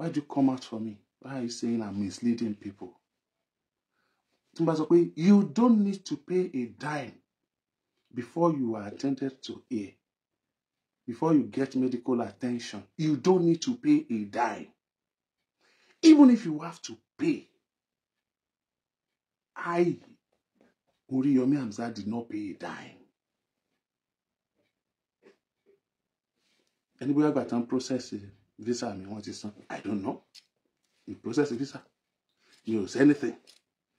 Why do you come out for me why are you saying i'm misleading people tí sọ pé you don't need to pay a dime before you are attended to here before you get medical attention you don't need to pay a dime even if you have to pay i Oriyomi Hamzat did not pay a dime. Anybody got time process it? visa mi wọ́n ti san i don't know you process visa mi ò say anything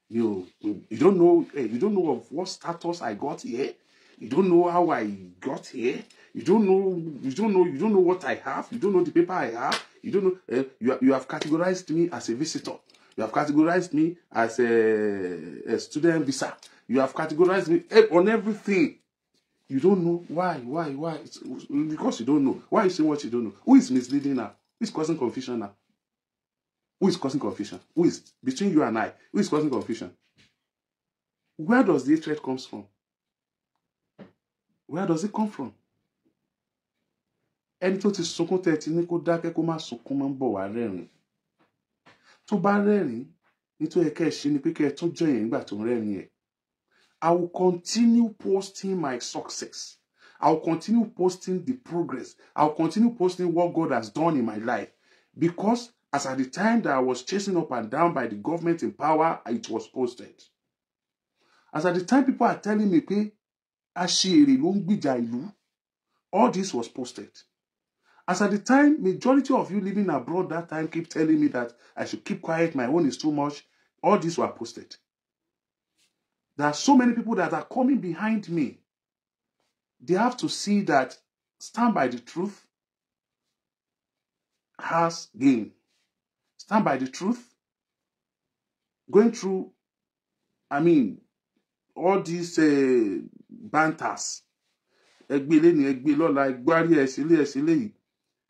mi ò you don't know eh, you don't know of what status i got here you don't know how i got here you don't know you don't know you don't know what i have you don't know the paper i have you don't know uh, you you have categorized me as a visitor you have categorized me as a, a student visa you have categorized me eh, on everything You don't know why, why, why. It's because you don't know. Why you say what you don't know? Who is misleading now? Who is causing confusion now? Who is causing confusion? Who is between you and I? Who is causing confusion? Where does the threat comes from? Where does it come from? Ẹni tó ti sunkún tẹ́ ní kó dákẹ́ kó má sunkún máa ń bọ̀ wá rẹ́rìn-ín. Tó bá rẹ́rìn-ín, nítorí ẹ̀ka ẹ̀ ṣe ni pé kẹ́ ẹ tún jọ yẹn nígbà tó ń rẹ́rìn-ín ẹ̀. I will continue posting my success. I will continue posting the progress. I will continue posting what God has done in my life. Because as at the time that I was chasing up and down by the government in power, it was posted. As at the time people are telling me, "Pay aṣèrè ló ń gbìjà ìlú, all this was posted. As at the time, majority of you living abroad that time keep telling me that I should keep quiet, my own is too much. All these were posted. There are so many people that are coming behind me. They have to see that stand by the truth has gain. Stand by the truth. Going through, I mean, all these uh, banters. Ẹgbẹ́ ilé ni ẹgbẹ́ lọ́la, ẹgbẹ́ àrí ẹ̀sìn ilé ẹ̀sìn ilé yìí.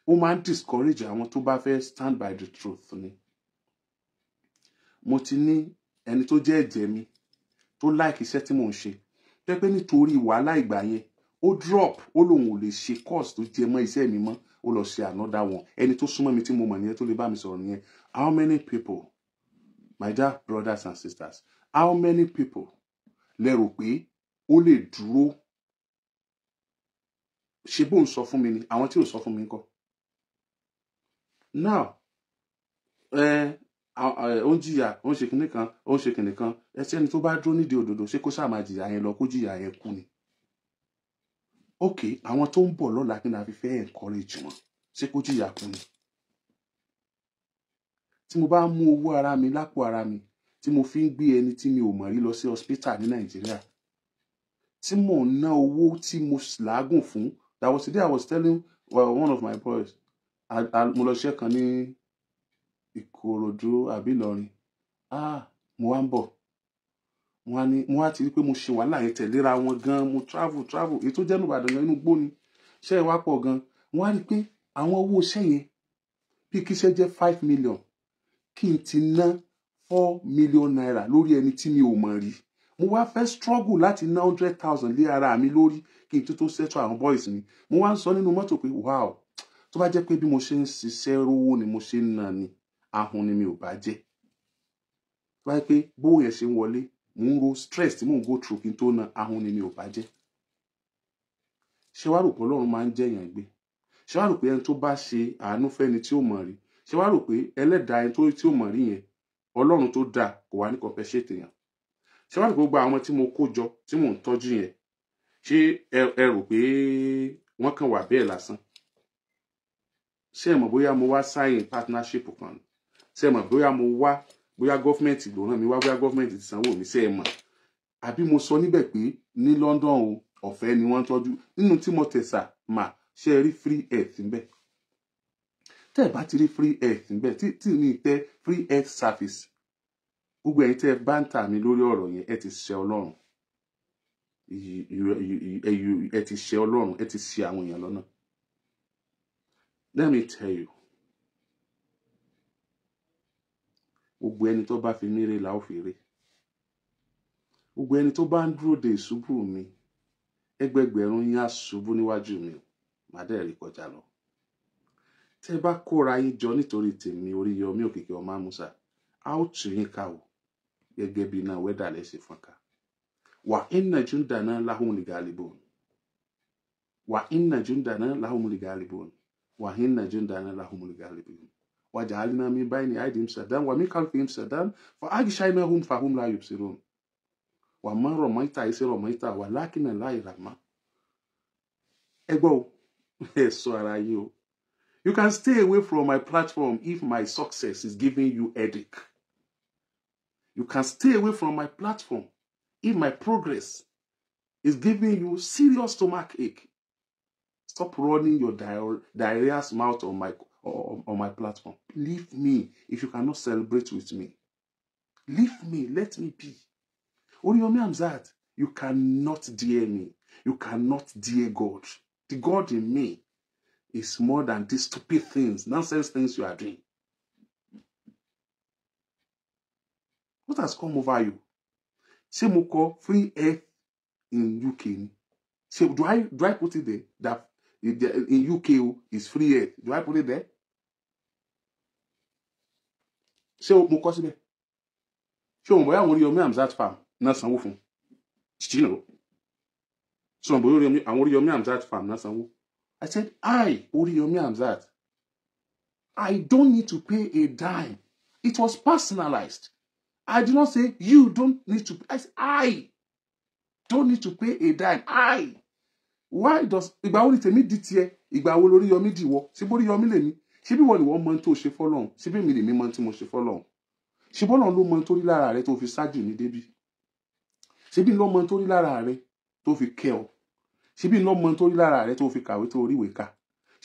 Ó máa ń discourage àwọn to bá fẹ́ stand by the truth ni. Mo ti ní ẹni tó jẹ́ ẹ̀jẹ̀ mi tó like iṣẹ́ tí mò ń ṣe tó pé nítorí wàhálà ìgbà yẹn ó drop ó lòun ò lè ṣe course tó jẹ mọ́ iṣẹ́ mi mọ́ ó lọ ṣe another one ẹni tó súnmọ́ mi tí mo mọ̀ nìyẹn tó lè bá mi sọ̀rọ̀ nìyẹn how many people my dear brothers and sisters how many people lérò pé ó lè dúró ṣe bóun sọ fún mi ni àwọn tí ò sọ fún mi kọ́ now eh, Eh, ó ń jìyà ó ń ṣe kinní kan ó ń ṣe kinní kan ẹsẹ ẹni tó bá dúró nídìí òdodo ṣé kó sáà máa jìyà yẹn lọ kó jìyà yẹn kú ni. ok àwọn tó ń bọ̀ lọ́la kí ni a fi fẹ́ encourage wọn ṣé kó jìyà kú ni. tí mo bá mú owó ara mi lápò ara mi tí mo fi ń gbé ẹni tí mi ò mọ̀ rí lọ sí hospital ní nàìjíríà tí mò ń ná owó tí mo làágùn fún that was the day i was telling well, uh, one of my boys mo lọ ṣe kan ní Ìkòròdú àbí Ìlọrin ah mo wá ń bọ̀ mo wá ní mo wá ti rí pé mo ṣe wàhálà yẹn tẹ̀léra wọn gan mo travel travel èyí tó jẹ́ nìbàdàn gan inú gbó ni iṣẹ́ ẹ̀ wá pọ̀ gan wọ́n á rí pé àwọn owó iṣẹ́ yẹn bí kí iṣẹ́ jẹ́ five million kí n ti ná four million naira lórí ẹni tí mi ò mọ̀ rí mo wá fẹ́ struggle láti ná hundred thousand lé ara mi lórí kí n tó tó settle àwọn boys mi mo wá ń sọ nínú mọ́tò pé wow tó bá jẹ́ pé bí mo ṣe ń ṣiṣẹ́ rówó ni mo ṣe ń ná ni ahun ni mi ò bá jẹ́ tó bá yẹ pé bówó yẹn ṣe ń wọlé mò ń ro stress tí mò ń go through kí n tó na ahun ni mi ò bá jẹ́ ṣé wàá rò pé ọlọ́run máa ń jẹ̀yàn gbé ṣé wàá rò pé ẹni tó bá ṣe àánú fẹ́ni tí ò mọ̀ rí ṣé wàá rò pé ẹlẹ́dàá ẹni tí ò mọ̀ rí yẹn ọlọ́run tó dáa kò wá ní compensate yẹn ṣé wàá rò pé gbogbo àwọn tí mo kó jọ tí mò ń tọ́jú yẹn ṣé ẹ rò pé wọ́n kàn wà bẹ́ẹ̀ lásán ṣé ẹ mọ̀ bóyá mo wá sign partnership kan ni ṣe mọ̀ bóyá mo wá bóyá gọ́fìmẹ̀ntì ló ràn mí wá bóyá gọ́fìmẹ̀ntì ti sanwó mi ṣe mọ̀ àbí mo sọ níbẹ̀ pé ní London o ọ̀fẹ́ ni wọ́n ń tọ́jú nínú tí mo tẹ̀sà mà ṣe rí free health ńbẹ̀ tẹ́ ẹ̀ bá ti rí free health ńbẹ̀ tí tí ní tẹ́ free health service gbogbo ẹ̀yin tẹ́ ẹ bá ń tà mí lórí ọ̀rọ̀ yẹn ẹ ti ṣe ọlọ́run ẹ ti ṣe ọlọ́run ẹ ti ṣe àwọn èèyàn lọ́nà let me tell you gbogbo ẹni tó bá fi mí rè ó fi ẹni de ìṣubú mi ẹgbẹgbẹ̀rún yín á níwájú mi màá dẹ̀ rí kọjá lọ tẹ bá kóra yín jọ nítorí tèmi Òkìkí Ọmọ a ó tù yín ká o gẹ́gẹ́ bí iná wẹ́dà lẹ́sẹ̀ fọ́nká wà inna jundana lahumul ghalibun wà inna jundana lahumul وجعلنا من بين أيديهم سدا ومن خلفهم سدا فأغشيناهم فهم لا يبصرون وما رميت إذ رميت ولكن الله رمى ẹgbọ́n ẹ sọ ara yín o you can stay away from my platform if my success is giving you headache you can stay away from my platform if my progress is giving you serious stomach ache stop running your diarrhea's mouth on my or on my platform. Leave me if you cannot celebrate with me. Leave me. Let me be. Oriyomi Amzad, you cannot dear me. You cannot dear God. The God in me is more than these stupid things, nonsense things you are doing. What has come over you? Ṣé mo free air in UK ni? do I do I put it there that in UK is free air? Do I put it there? ṣé mo kọ́ síbẹ̀ ṣé òun bóyá àwọn Oríyọmí Hamzat farm náà sanwó fún jìjìnà o ṣé òun bóyá àwọn Oríyọmí Hamzat farm náà sanwó I said I Oríyọmí Hamzat I don't need to pay a dime it was personalized I did not say you don't need to pay I said I don't need to pay a dime I why does ìgbà wo ni tèmi di tiẹ̀ ìgbà wo lórí yọmí dìwọ ṣé bórí yọmí lèmi ṣebí wọ́n ni wọ́n mọ tó ṣe fọ́lọ́hún ṣebí mi lè mi mọ tí mo ṣe fọ́lọ́hún ṣebí ọlọ́run ló mọ tó rí lára rẹ tó fi ṣáájú ní débi ṣebí ló mọ tó rí lára rẹ tó fi kẹ́ ọ ṣebí ló mọ tó rí lára rẹ tó fi kàwé tó ríwé kà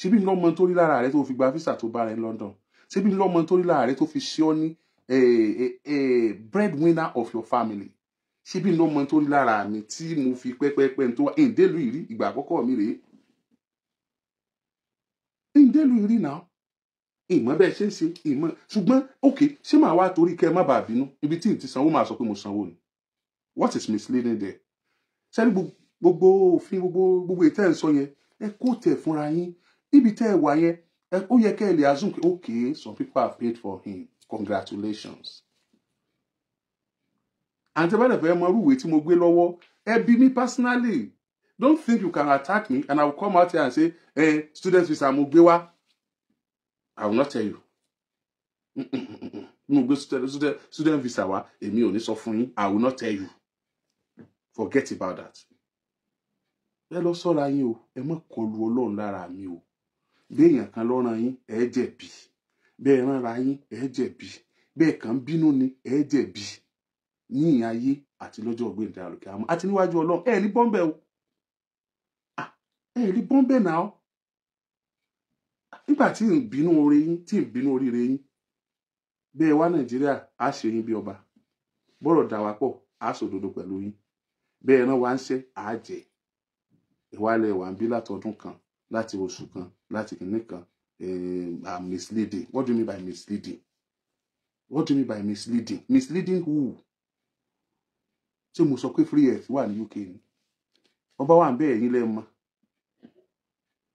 ṣebí ló mọ tó rí lára rẹ tó fi gba físà tó bá rẹ London ṣebí ló mọ tó rí lára rẹ tó fi ṣe ọ ní breadwinner of your family ṣebí ló mọ tó rí lára mi tí mo fi pẹ́pẹ́pẹ́ tó wá ìdélù ìrí ìgbà àkọ́kọ́ mi rèé ìdélù ìrí náà ìmọ̀ bẹ́ẹ̀ ṣe ń ṣe ìmọ̀ ṣùgbọ́n ok ṣé màá wá torí kẹ́ ẹ má bàa bínú ibi tí n ti sanwó màá sọ pé mo sanwó ni what is misleading there sẹ́ni gbogbo òfin gbogbo gbogbo ètò ẹ̀ ń sọ yẹn ẹ kó tẹ̀ fúnra yín níbi tẹ́ ẹ wà yẹn ó yẹ kẹ́ ẹ lè assume pé ok some people have paid for him congratulations àǹtí bá dẹ̀ fẹ́ mọ irú ìwé tí mo gbé lọ́wọ́ ẹ bí mi personally don't think you can attack me and i will come out here and say eh, student visa mo gbé wá I will not tell you. Mo go student visa wa, èmi ò ní sọ fún yín, I will not tell you. Forget about that. Ẹ lọ sọ́ra yín o, ẹ má kọlu Ọlọ́run lára mi o. Béèyàn kan lọ́ràn yín, Be jẹ̀bi. Bẹ́ẹ̀ ránra yín, ẹ jẹ̀bi. Bẹ́ẹ̀ kàn bínú ni, ẹ jẹ̀bi. Ní ìyìn ayé àti lọ́jọ́ ọ̀gbìn ìdàrúkẹ́ àmọ́ àti níwájú Ọlọ́run, ẹ rí bọ́m̀bẹ̀ o. Ah, ẹ rí bọ́m̀bẹ̀ náà nígbà tí ń bínú oore yín tí ń bínú oríire yín bẹ́ẹ̀ wá nàìjíríà á ṣe yín bí ọba bọ́rọ̀ dà wá pọ̀ á sòdodo pẹ̀lú yín bẹ́ẹ̀ rán wá ń ṣẹ́ á jẹ́ ìwálẹ̀ wà ń bí látọdún kan láti oṣù kan láti kìnní kan eh, are misleading what do you mean by misleading what do you mean by misleading misleading who ṣé mo sọ pé free health wà ní UK ni ọba wà ń bẹ́ẹ̀ yín lẹ́ẹ̀ mọ́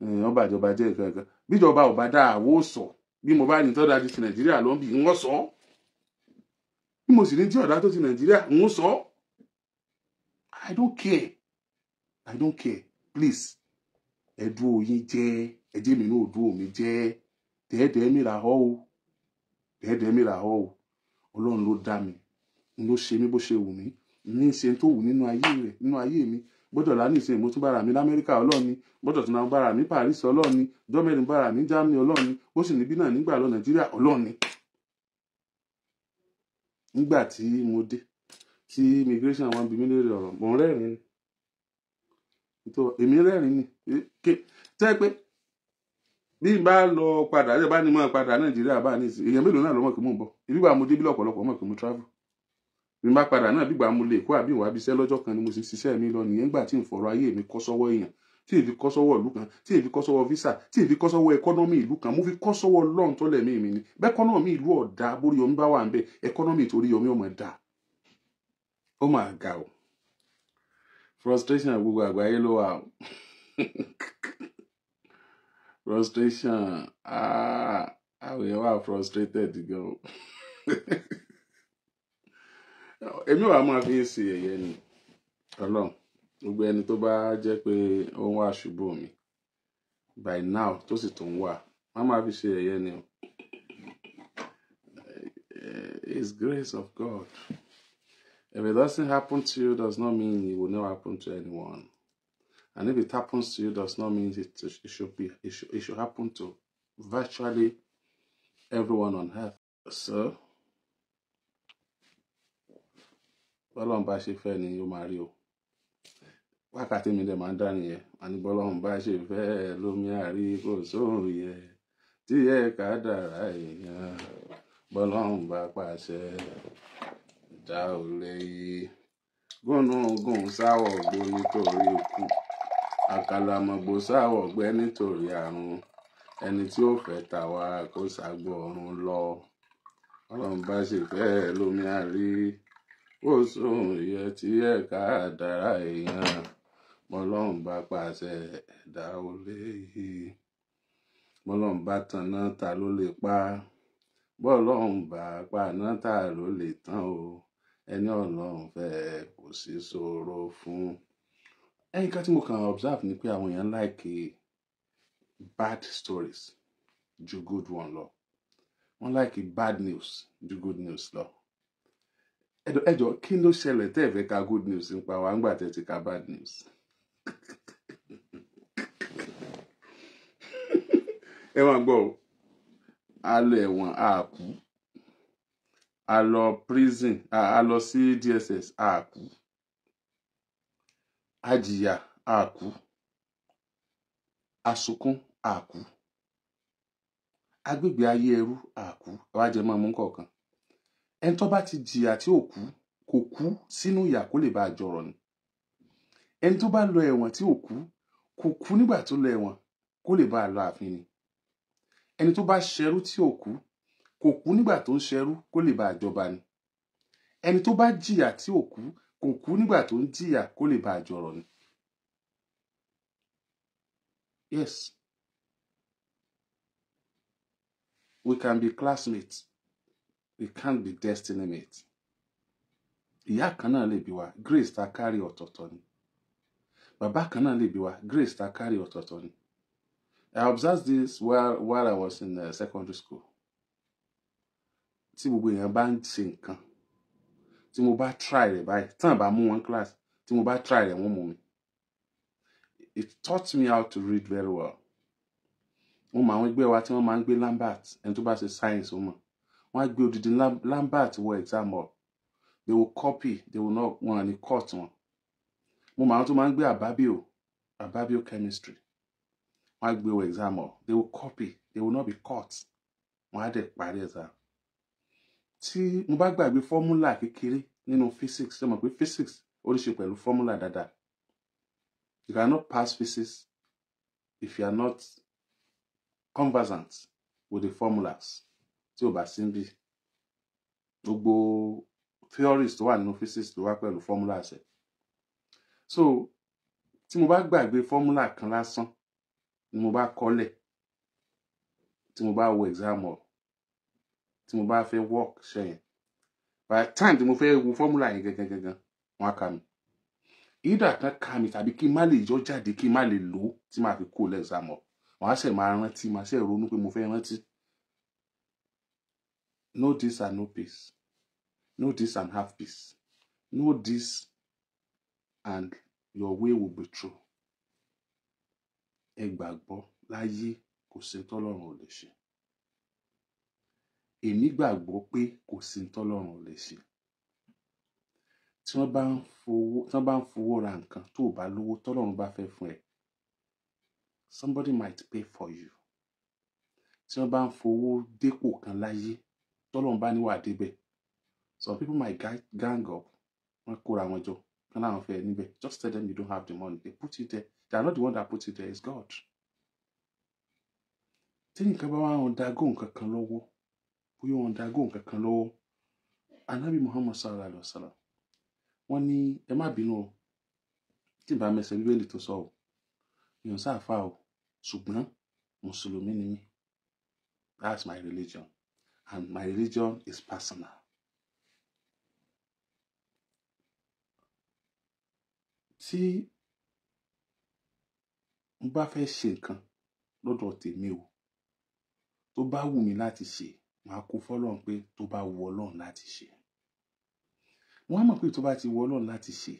eh, ọba àjọba jẹ́ nǹkan kan bíjọba ò bá dá àwo sọ bí mo bá ní tọ́da ti nàìjíríà ló ń bì ń sọ bí mo sì ní tí ọ̀dà tó ti nàìjíríà ń sọ i don't care i don't care please ẹ̀dùn òyin jẹ́ ẹ̀jẹ̀ mi náà dùn òmi jẹ́ dẹ́ẹ̀dẹ́ẹ́ mìíràn họ́ o dẹ́ẹ̀dẹ́ẹ́ mìíràn họ́ o ọlọ́run ló dá mi ló ṣe mí bó ṣe wù mí ní ṣe tó wù nínú ayé rẹ̀ nínú ayé mi gbọ́dọ̀ lá nìṣe mo tún bára mi lamẹ́ríkà ọlọ́ọ̀ni gbọ́dọ̀ tún bára mi paris ọlọ́ọ̀ni jọ́mẹ́rin bára mi germany ọlọ́ọ̀ni ó sì níbí náà nígbà lọ nàìjíríà ọlọ́ọ̀ni. nígbà tí mo dé tí immigration wọn bí mi lórí ọ̀rọ̀ mò ń rẹ́rìn-ín èmi rẹ́rìn-ín ni tẹ́ pé bí n bá lọ padà ẹ bá ní mọ́ padà nàìjíríà bá ní èèyàn mélòó náà lọ́mọ̀ kí mò ń bọ̀ ìbí wa mo dé bí lọ́pọ̀lọpọ̀ mọ̀ kí mo travel mi bá padà náà bígbà mo lè kó àbí ìwà abiṣẹ́ lọ́jọ́ kan ni mo sì ṣiṣẹ́ mi lọ nìyẹn gbà tí n fọ̀rọ̀ ayé mi kọ́ sọ́wọ́ èèyàn tí èyí fi kọ́ ìlú kan tí èyí fi kọ́ visa tí èyí fi kọ́ sọ́wọ́ ẹkọ́nọ́mì ìlú kan mo fi kọ́ sọ́wọ́ lọ́n tọ́lẹ̀ mí mi ni bẹ́kọ́nọ́mì ìlú ọ̀dà borí omi bá wà ń bẹ ẹkọ́nọ́mì torí omi ọmọ dà ó mà ga o frustration gbogbo àgbáyé ló wà o frustration ah àwọn èèyàn wà frustrated gan o. èmi wàá máa fi ń ṣe ẹ̀yẹ ni ọlọ́run gbogbo ẹni tó bá jẹ́ pé ó ń wá ṣubú mi by now tó sì tún wà má máa fi ṣe ẹ̀yẹ ni o eh, it's grace of God if it doesn't happen to you does not mean it will never happen to anyone and if it happens to you does not mean it, it should be it should, it should happen to virtually everyone on earth so. bọ́lọ́run bá ṣe fẹ́ ni yóò máa rí o wákàtí mi dẹ̀ máa ń dá nìyẹn àní bọ́lọ́run bá ṣe fẹ́ lómi àrí kò sóhun yẹ tí ẹ ká dára èèyàn bọ́lọ́run bá pàṣẹ dá òré yìí gúnnugún sáwọ̀ gbó nítorí ikú àkàlàmọ̀gbò sáwọ̀ gbẹ nítorí àrùn ẹni tí ó fẹ́ ta wa kó ságbó ọ̀run lọ ọlọ́run bá ṣe fẹ́ lómi àrí ó sùn yẹ tí ẹ̀ka àdára èèyàn mọ́lọ́run bá pàṣẹ ẹ̀dá ó léyìí bọ́lọ́run e. bá tanná ta ló lè pa bọ́lọ́run bá paná ta ló lè tán o ẹni ọlọ́run fẹ́ kò sí ṣòro fún. ẹnìká tí mo kàn observe ni pé àwọn èèyàn like bad stories ju good one lọ wọ́n like bad news ju good news lọ ẹjọ kí ló ṣẹlẹ̀ tẹ́ ẹ ka good news nípa wa ńgbà tẹ́ ti ka bad news ẹ máa gbọ́ o a lọ ẹ̀wọ̀n a kú a lọ prison a lọ sí DSS a kú a jìyà a agbègbè ayé ẹrú a kú jẹ máa mú kọ̀ọ̀kan ẹni tó bá ti jìyà tí ò kú kò kú sínú ìyà kó lè bá a jọrọ ni ẹni tó bá lọ ẹ̀wọ̀n tí ò kú kò kú nígbà tó lọ ẹ̀wọ̀n kó lè bá lọ ààfin ni ẹni tó bá ṣẹrú tí ò kú kò kú nígbà tó ń ṣẹrú kó lè bá jọba ni ẹni tó bá jìyà tí ò kò kú nígbà tó ń jìyà kó lè bá jọrọ ni. Yes, we can be classmates. It can't be destiny mate. ìyá kan náà lè bí wa grace ta kárí ọ̀tọ̀ọ̀tọ̀ ni bàbá kan náà lè bí wa grace ta kárí ọ̀tọ̀ọ̀tọ̀ ni I observed this while, while I was in uh, secondary school tí gbogbo èèyàn bá ń ṣe nǹkan tí mo bá try rẹ̀ báyìí tán bá mú wọn class tí mo bá try rẹ̀ wọ́n mú mi it taught me how to read very well mo mọ àwọn ẹgbẹ́ wa tí wọ́n máa ń gbé Lambert ẹni tó bá ṣe science ó mọ̀ wọ́n á gbé odidi lambert wọ exam hall they will copy they will not wọn ní court wọn mo màá tó máa ń gbé àbábíò àbábíò chemistry wọ́n á gbé wọ exam hall they will copy they will not be caught wọ́n á dẹ̀ parí exam tí mo bá gbàgbé fọ́múlà kékeré nínú physics ṣe mọ̀ pé physics ó ní ṣe pẹ̀lú fọ́múlà dáadáa you cannot pass physics if you are not conversant with the formulas tí ò bá sí níbí gbogbo theories tó wà nínú physics tó wá pẹ̀lú formulas ẹ̀ so tí mo bá gbàgbé formula kan lásán ni mo bá kọ́lẹ̀ tí mo bá wo exam hall tí mo bá fẹ́ work ṣẹ́yìn by the time tí mo fẹ́ wo formula yẹn gangan gangan wọn á kà mí ìdá kan kà mí tàbí kí n má lè yọ jáde kí n má lè lò ó tí màá fi kó lẹ́sàmọ̀ wọn á ṣẹ̀ máa rántí màá ṣẹ̀ ronú pé mo fẹ́ rántí. Know this and know peace. Know this and have peace. Know this and your way will be true. Ẹ gbàgbọ́ láyé kò sí tọ́lọ́run ò lè ṣe. Èmi gbàgbọ́ pé kò sí tọ́lọ́run ò lè ṣe. Tí wọ́n bá ń fowó tí wọ́n bá ń fowó ra nǹkan tó o bá lówó tọ́lọ́run bá fẹ́ fún ẹ. Somebody might pay for you. Tí wọ́n bá ń fowó dépò kan láyé tọ́lọ́run bá ní wà débẹ̀ some people might gang up wọ́n kóra wọn jọ kán láwọn fẹ́ níbẹ̀ just tell them you don't have the money they put you there they are not the one that put you there it's God tí nǹkan bá wà ń dagó nǹkan kan lọ́wọ́ bóyá wọ́n ń dagó nǹkan lọ́wọ́ anabi Muhammad sallallahu alayhi wa sallam wọ́n ní ẹ má bínú o tí bá mẹsẹ̀ bíbélì tó sọ o èèyàn sáà o ṣùgbọ́n mùsùlùmí ni mí that's my religion and my religion is personal. Tí mo bá fẹ́ ṣe nǹkan lọ́dọ̀ tèmi o, tó bá wù mí láti ṣe, màá kó fọ́lọ́run pé tó bá wù Ọlọ́run láti ṣe. Wọ́n á mọ̀ pé tó bá ti wù Ọlọ́run láti ṣe,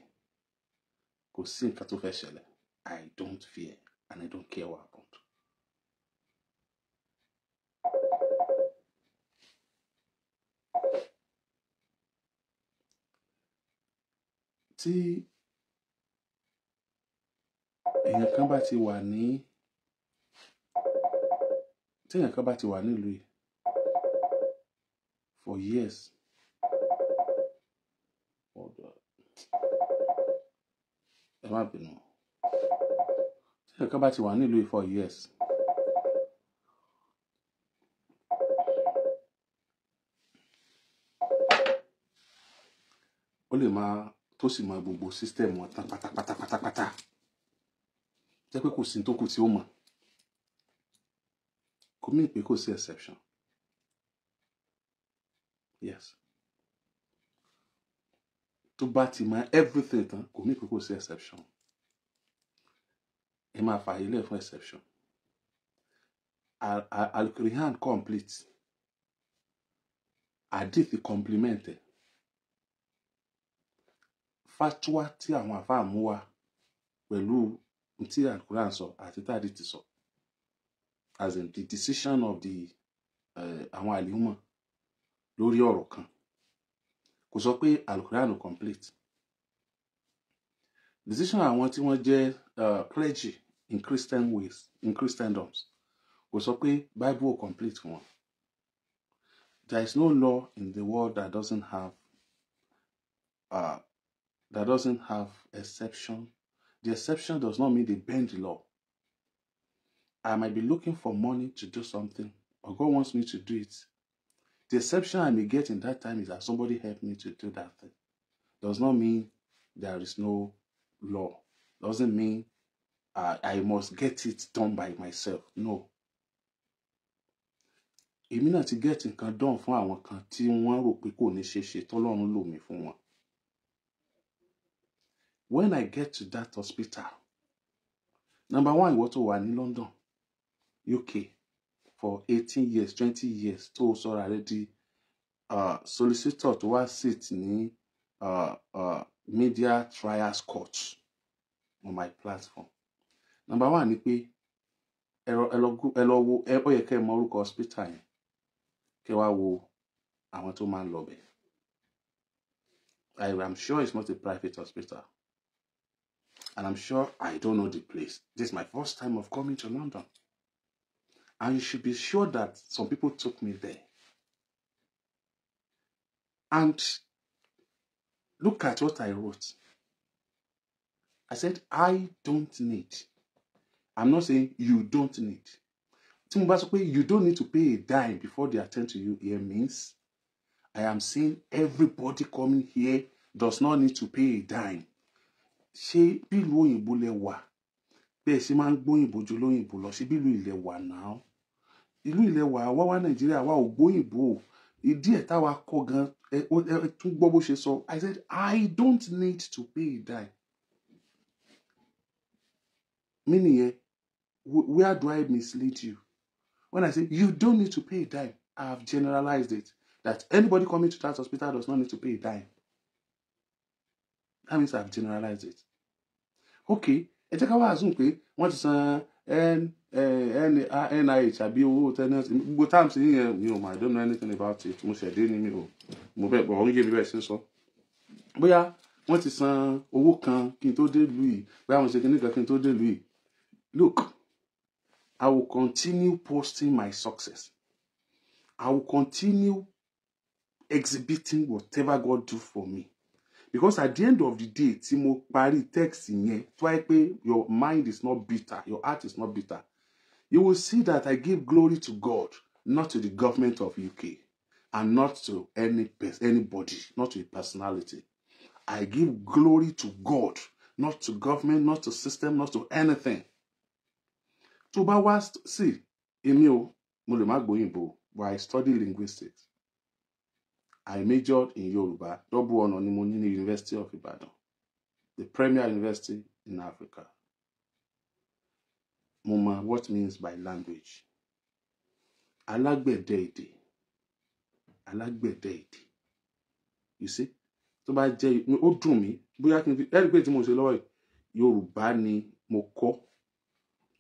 kò sí nǹkan tó fẹ́ ṣẹlẹ̀. I don't fear and I don't care what happened. tí èèyàn kan bá ti wà ní tí èèyàn kan bá ti wà nílùú for years ẹ má bínú tí èèyàn kan bá ti wà nílùú for years. ó lè máa tó sì mọ gbogbo system wọn tán pátápátá pátápátá jẹ́ pé kò sí tó kù tí ó mọ̀ kò mí pé kò sí exception yes tó bá ti mọ everything tán kò mí pé kò sí exception ẹ máa fààyè lẹ̀ fún exception al-Qur'an complete àdìsí complement fatuwa tí àwọn àfáà mú wá pẹ̀lú tí àkùrán sọ àti tàdí ti sọ as in the decision of the eh, àwọn àlìhùmọ̀ lórí ọ̀rọ̀ kan kò sọ pé alukuranu complete decision àwọn tí wọ́n jẹ́ clergy eh, in Christian ways in Christendoms kò sọ pé Bible complete wọn there is no law in the world that doesn't have uh, that doesn't have exception, the exception does not mean they bend the law. I might be looking for money to do something, but God wants me to do it. The exception I may get in that time is that somebody helped me to do that thing. Does not mean there is no law. Doesn't mean uh, I must get it done by myself. No. èmi náà ti gẹ́ẹ̀tì nǹkan dán fún àwọn kan tí wọ́n rò pé kò ní ṣeé when I get to that hospital, number one, ìwọ tó wà ní London, UK for eighteen years, twenty years tó also already rẹ di uh, solicitor tó wá sit ní uh, uh, media trials court on my platform. Number one ni pé ẹ lọ wo ẹ ó yẹ kẹ́ ẹ mọ orúkọ hospital yẹn kẹ́ wá wo àwọn tó máa ń lọ bẹ̀. I am sure it's not a private hospital. And I'm sure I don't know the place. This is my first time of coming to London. And you should be sure that some people took me there. And look at what I wrote. I said, I don't need. I'm not saying you don't need. Tí mo bá you don't need to pay a dime before they attend to you here means I am saying everybody coming here does not need to pay a dime. ṣé bí ìlú òyìnbó lẹ wà bẹ́ẹ̀ ṣe máa ń gbóyìnbó ju lóyìnbó lọ ṣe bí ìlú ilẹ̀ wà náà ìlú ilẹ̀ wà wá wá nàìjíríà wá ò gbóyìnbó ìdí ẹ̀ táwa kọ́ gan ẹ tún gbọ́ bó ṣe sọ I said I don't need to pay a dime mí nìyẹn where do I mislead you when I say you don't need to pay a dime I have generalized it that anybody coming to that hospital does not need to pay a dime that means I've generalized it okay ẹ jẹ́ ká wá assume pé wọ́n ti san NIH eh, ah, àbí owó tenant gbogbo terms yíyan mi ò mọ I don't know anything about it mo ṣẹ̀dé ni mi ò mo bẹ́ẹ̀ bọ̀ ọ́n yé mi bẹ́ẹ̀ ṣe ń sọ bóyá wọ́n ti san owó kan kí n tó dé ìlú yìí bóyá wọ́n ṣe kíní kí n tó dé ìlú yìí look I will continue posting my success I will continue exhibiting whatever God do for me because at the end of the day tí mo parí text yẹn tó wáyé pé your mind is not bitter your heart is not bitter you will see that I give glory to God not to the government of UK and not to any anybody not to a personality I give glory to God not to government not to system not to anything tó bá wá sí èmi o mo lè má gbóyìnbó but I study linguistics I majored in Yoruba. Double ọ̀nà ni mo ní ní University of Ibadan, the premier university in Africa. Mo mọ what means by language. Alágbẹ̀dẹ èdè. Alágbẹ̀dẹ èdè. You see? Tó bá jẹ́ ó dùn mí bóyá kí n fi ẹ́rì pé tí mo ṣe lọ́wọ́ yìí Yorùbá ni mo kọ́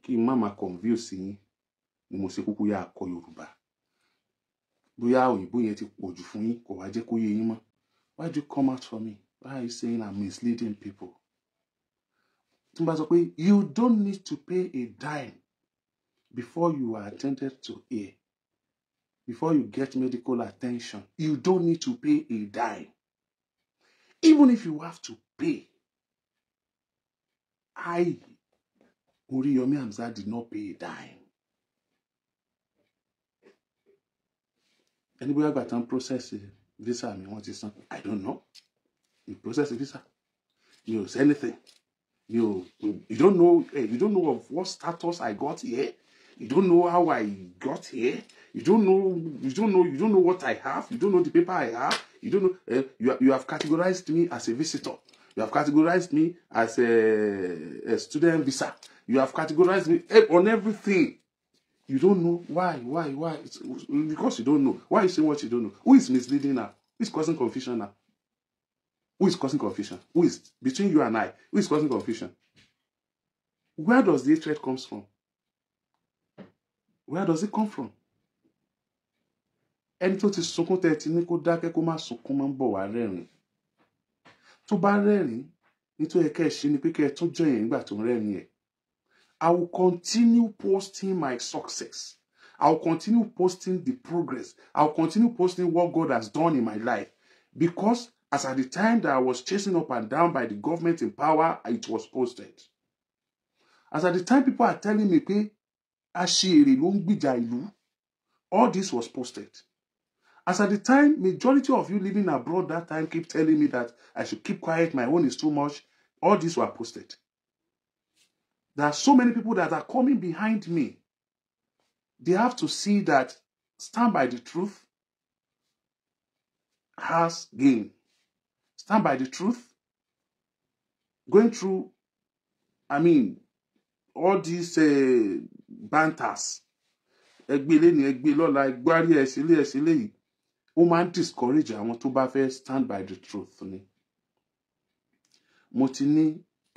kí n confuse yín ni mo ṣe kúkú yá akọ Yorùbá bóyá òyìnbó yẹn ti pọ̀ jù fún yín kò wá jẹ́ kó yé yín mọ́ why do you come out for me why are you saying i'm misleading people tí n bá sọ pé you don't need to pay a dime before you are attended to here before you get medical attention you don't need to pay a dime even if you have to pay i Oriyomi Hamzat did not pay a dime ẹni bóyá gbà tán process visa mi wọ́n ti san i don't know you process visa You ò say anything You you don't know eh, you don't know of what status i got here you don't know how i got here you don't know you don't know you don't know what i have you don't know the paper i have you don't know uh, you you have categorized me as a visitor you have categorized me as a, a student visa you have categorized me eh, on everything You don't know why, why, why. It's because you don't know. Why you say what you don't know? Who is misleading now? Who is causing confusion now? Who is causing confusion? Who is between you and I? Who is causing confusion? Where does the hatred comes from? Where does it come from? Ẹni tó ti sunkún tẹ́ ní kó dákẹ́ kó má sunkún máa ń bọ̀ wá rẹ́rìn. Tó bá rẹ́rìn, nítorí ẹ̀ka ẹ̀ ṣe ni pé kẹ́ ẹ tún jọ yẹn nígbà tó ń rẹ́rìn yẹn. I will continue posting my success. I will continue posting the progress. I will continue posting what God has done in my life. Because as at the time that I was chasing up and down by the government in power, it was posted. As at the time people are telling me, pé aṣèrè ló ń gbìjà ìlú, all this was posted. As at the time, majority of you living abroad that time keep telling me that I should keep quiet, my own is too much. All these were posted. There are so many people that are coming behind me. They have to see that stand by the truth has gain. Stand by the truth. Going through, I mean, all these uh, banters, ẹgbẹ́ ilé ni ẹgbẹ́ lọ́la ẹgbẹ́ àrí ẹ̀sìn ilé ẹ̀sìn ilé yìí ó máa ń discourage àwọn tó bá fẹ́ stand by the truth ni mo ti ní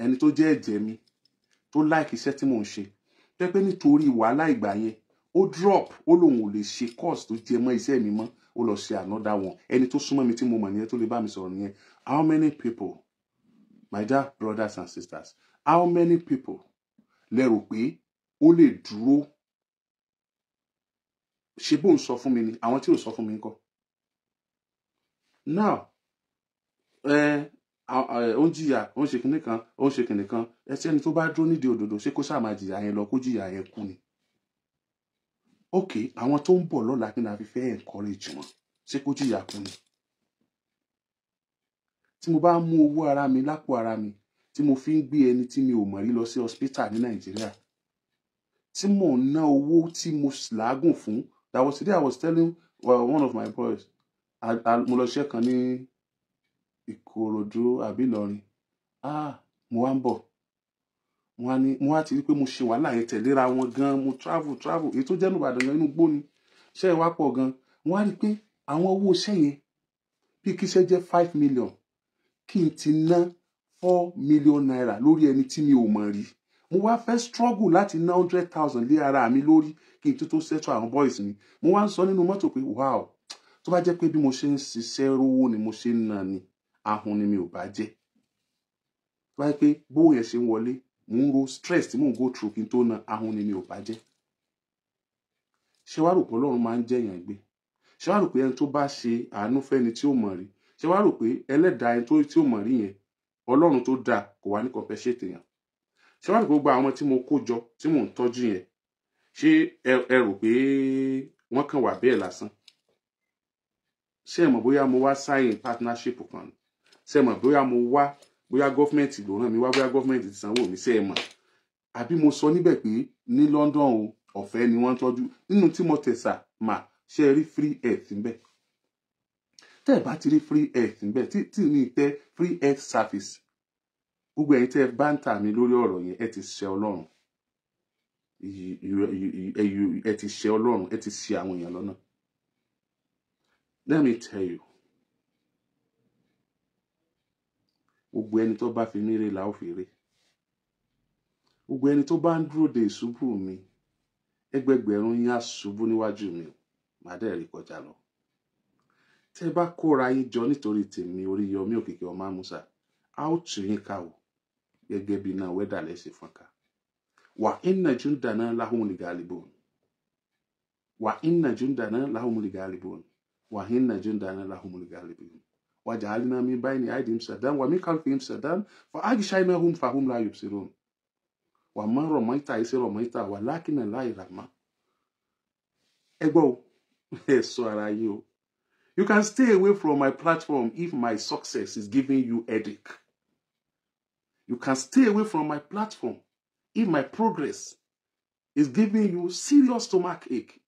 ẹni tó jẹ́ ẹ̀jẹ̀ mi tó like iṣẹ́ tí mò ń ṣe tó pé nítorí wàhálà ìgbà yẹn ó drop ó lòun ò lè ṣe course tó jẹ mọ́ iṣẹ́ mi mọ́ ó lọ ṣe another one ẹni tó súnmọ́ mi tí mo mọ̀ nìyẹn tó lè bá mi sọ̀rọ̀ nìyẹn how many people my dear brothers and sisters how many people lérò pé ó lè dúró ṣe bóun sọ fún mi ni àwọn tí ò sọ fún mi ń kọ́ now eh, ó ń jìyà ó ń ṣe kinní kan ó ń ṣe kinní kan ẹsẹ ẹni tó bá dúró nídìí òdodo ṣé kó sáà máa jìyà yẹn lọ kó jìyà yẹn kú ni. ok àwọn tó ń bọ̀ lọ́la kí ni a fi fẹ́ encourage wọn ṣé kó jìyà kú ni. tí mo bá mú owó ara mi lápò ara mi tí mo fi ń gbé ẹni tí mi ò mọ̀ rí lọ sí hospital ní nàìjíríà tí mò ń ná owó tí mo làágùn fún that was today i was telling well, uh, one of my boys mo lọ ṣe kan ní Ìkòròdú àbí Ìlọrin. Ah! Mo wá ń bọ̀. Mo wá ní, mo wá ti rí pé mo ṣe wàhálà yẹn tẹ̀léra wọn gan. Mo travel travel. Èyí tó jẹ́ nínú Ìbàdàn gan inú igbó ni. Iṣẹ́ ẹ wá pọ̀ gan. Mo wá rí pé àwọn owó iṣẹ́ yẹn bí kí iṣẹ́ jẹ́ five million, kí n ti ná four million naira lórí ẹni tí mi ò mọ̀ rí. Mo wá fẹ́ struggle láti ná hundred thousand lé ara mi lórí kí n tó tó settle àwọn boys mi. Mo wá ń sọ nínú mọ́tò pé wow! Tó bá jẹ́ pé bí mo ṣe ń ṣiṣẹ́ rówó ni mo ṣe ń ná ni ahun ni mi ò bá jẹ́ tó bá pé bówó yẹn ṣe ń wọlé mò ń ro stress tí mò ń go through kí n tó na ahun ni mi ò bá jẹ́ ṣé wàá rò pé ọlọ́run máa ń jẹ̀yàn gbé ṣé wàá rò pé ẹni tó bá ṣe àánú fẹ́ni tí ò mọ̀ rí ṣé wàá rò pé ẹlẹ́dàá ẹni tí ò mọ̀ rí yẹn ọlọ́run tó dáa kò wá ní compensate yẹn ṣé wàá rò pé gbogbo àwọn tí mo kó jọ tí mò ń tọ́jú yẹn ṣé ẹ rò pé wọ́n kàn wà bẹ́ẹ̀ lásán ṣé ẹ mọ̀ bóyá mo wá sign partnership kan ni ṣe mọ̀ bóyá mo wá bóyá gọ́fìmẹ̀ntì ló ràn mí wá bóyá gọ́fìmẹ̀ntì ti sanwó mi ṣe mọ̀ àbí mo sọ níbẹ̀ pé ní London o ọ̀fẹ́ ni wọ́n ń tọ́jú nínú tí mo tẹ̀sà mà ṣe rí free earth ńbẹ̀ tẹ́ ẹ̀ bá ti rí free earth ńbẹ̀ tí tí ní tẹ́ free earth service gbogbo ẹ̀yin tẹ́ ẹ bá ń tà mí lórí ọ̀rọ̀ yẹn ẹ ti ṣe ọlọ́run ẹ ti ṣe ọlọ́run ẹ ti ṣe àwọn èèyàn lọ́nà let me tell you gbogbo ẹni tó bá fi mí la ó fi rè gbogbo ẹni tó bá ń dúró de ìṣubú mi ṣubú níwájú mi kọjá lọ tẹ́ bá kóra yín jọ nítorí tèmi Oríyọmí Ọmọ a ó tù yín ká o gẹ́gẹ́ bí iná wẹ́dà lẹ́sẹ̀ fọ́nká wà inna jundana lahumul ghalibun wà inna jundana lahumul wà وجعلنا من بين أيديهم سدا ومن خلفهم سدا فأغشيناهم فهم لا يبصرون وما رميت إذ رميت ولكن الله رمى ẹgbọ́ ẹ sọ ara yín o you can stay away from my platform if my success is giving you headache you can stay away from my platform if my progress is giving you serious stomach ache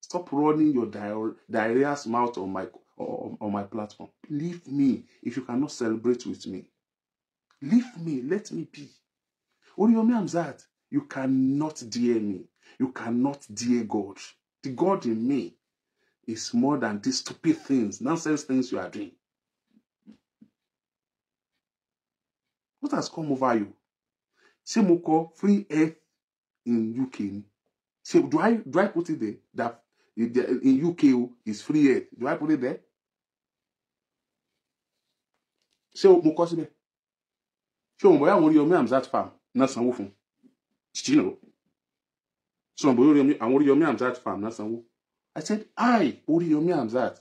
stop running your diarrhea's mouth on my or on my platform. Leave me if you cannot celebrate with me. Leave me. Let me be. Oriyomi Amzat, you cannot dear me. You cannot dear God. The God in me is more than these stupid things, nonsense things you are doing. What has come over you? Ṣé mo free air in UK ni? do I do I put it there that in UK is free air. Do I put it there? ṣé mo kọ́ síbẹ̀ ṣé òun bọ́yá àwọn orí omi amzat farm náà sanwó fún títí nà ó ṣé òun bọ́yá àwọn orí omi amzat farm náà sanwó I said I orí omi amzat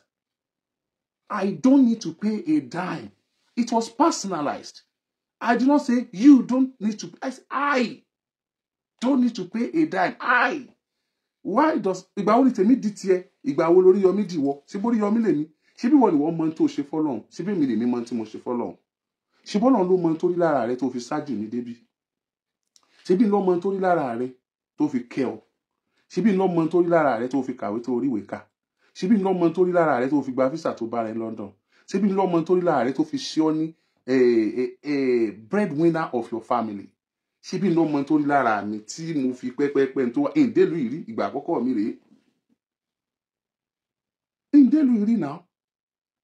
I don't need to pay a dime it was personalized I did not say you don't need to pay I said I don't need to pay a dime I why does ìgbà wo ni tèmi di tiẹ̀ ìgbà wo lórí yọmí dìwọ síbórí yọmí lèmi ṣebí wọ́n ni wọ́n mọ̀ tó ṣe fọ́lọ́run ṣebí mi lèmi mọ̀ tí mo ṣe fọ́lọ́run ṣebí Ọlọ́run ló mọ̀ tó rí lára rẹ tó fi ṣáájú ní débi ṣebí ló mọ̀ tó rí lára rẹ tó fi kẹ́ ọ ṣebí ló mọ̀ tó rí lára rẹ tó fi kàwé tó ríwèé kà ṣebí ló mọ̀ tó rí lára rẹ tó fi gba físà tó bá rẹ London ṣebí ló mọ̀ tó rí lára rẹ tó fi ṣe ọ ní eh, eh, eh, breadwinner of your family ṣebí ló mọ̀ tó rí lára mi tí mo fi pẹ́pẹ́pẹ́ tó wá ìdélùú ìrí ìgbà àkọ́kọ́ mi rèé ìdélùú ìrí náà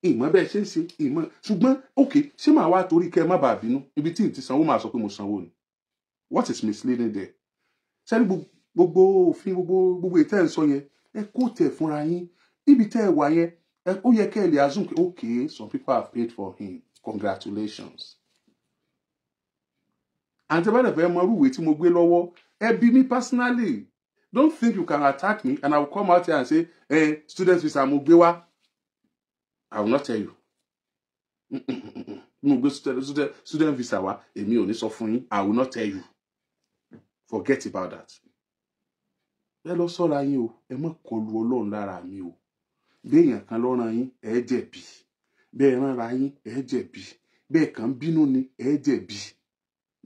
ìmọ̀ bẹ́ẹ̀ ṣe ń ṣe ìmọ̀ ṣùgbọ́n ok ṣé màá wá torí kẹ́ ẹ má bàa bínú ibi tí n ti sanwó màá sọ pé mo sanwó ni what is misleading there sẹ́ni gbogbo òfin gbogbo gbogbo ètò ẹ̀ ń sọ yẹn ẹ kó tẹ̀ fúnra yín níbi tẹ́ ẹ wà yẹn ó yẹ kẹ́ ẹ lè assume pé ok some people have paid for him congratulations àǹtí bá dẹ̀ fẹ́ mọ irú ìwé tí mo gbé lọ́wọ́ ẹ bí mi personally don't think you can attack me and i will come out here and say eh, student visa mo gbé wá I will not tell you. Mo gbé student visa wa, emi oni ní sọ fún I will not tell you. Forget about that. Ẹ lọ sọ́ra yín o, ẹ má kọlu Ọlọ́run lára mi o. Béèyàn kan lọ́ràn yín, ẹ jẹ̀bi. Bẹ́ẹ̀ ránra yín, ẹ jẹ̀bi. Bẹ́ẹ̀ kàn bínú ni, ẹ jẹ̀bi.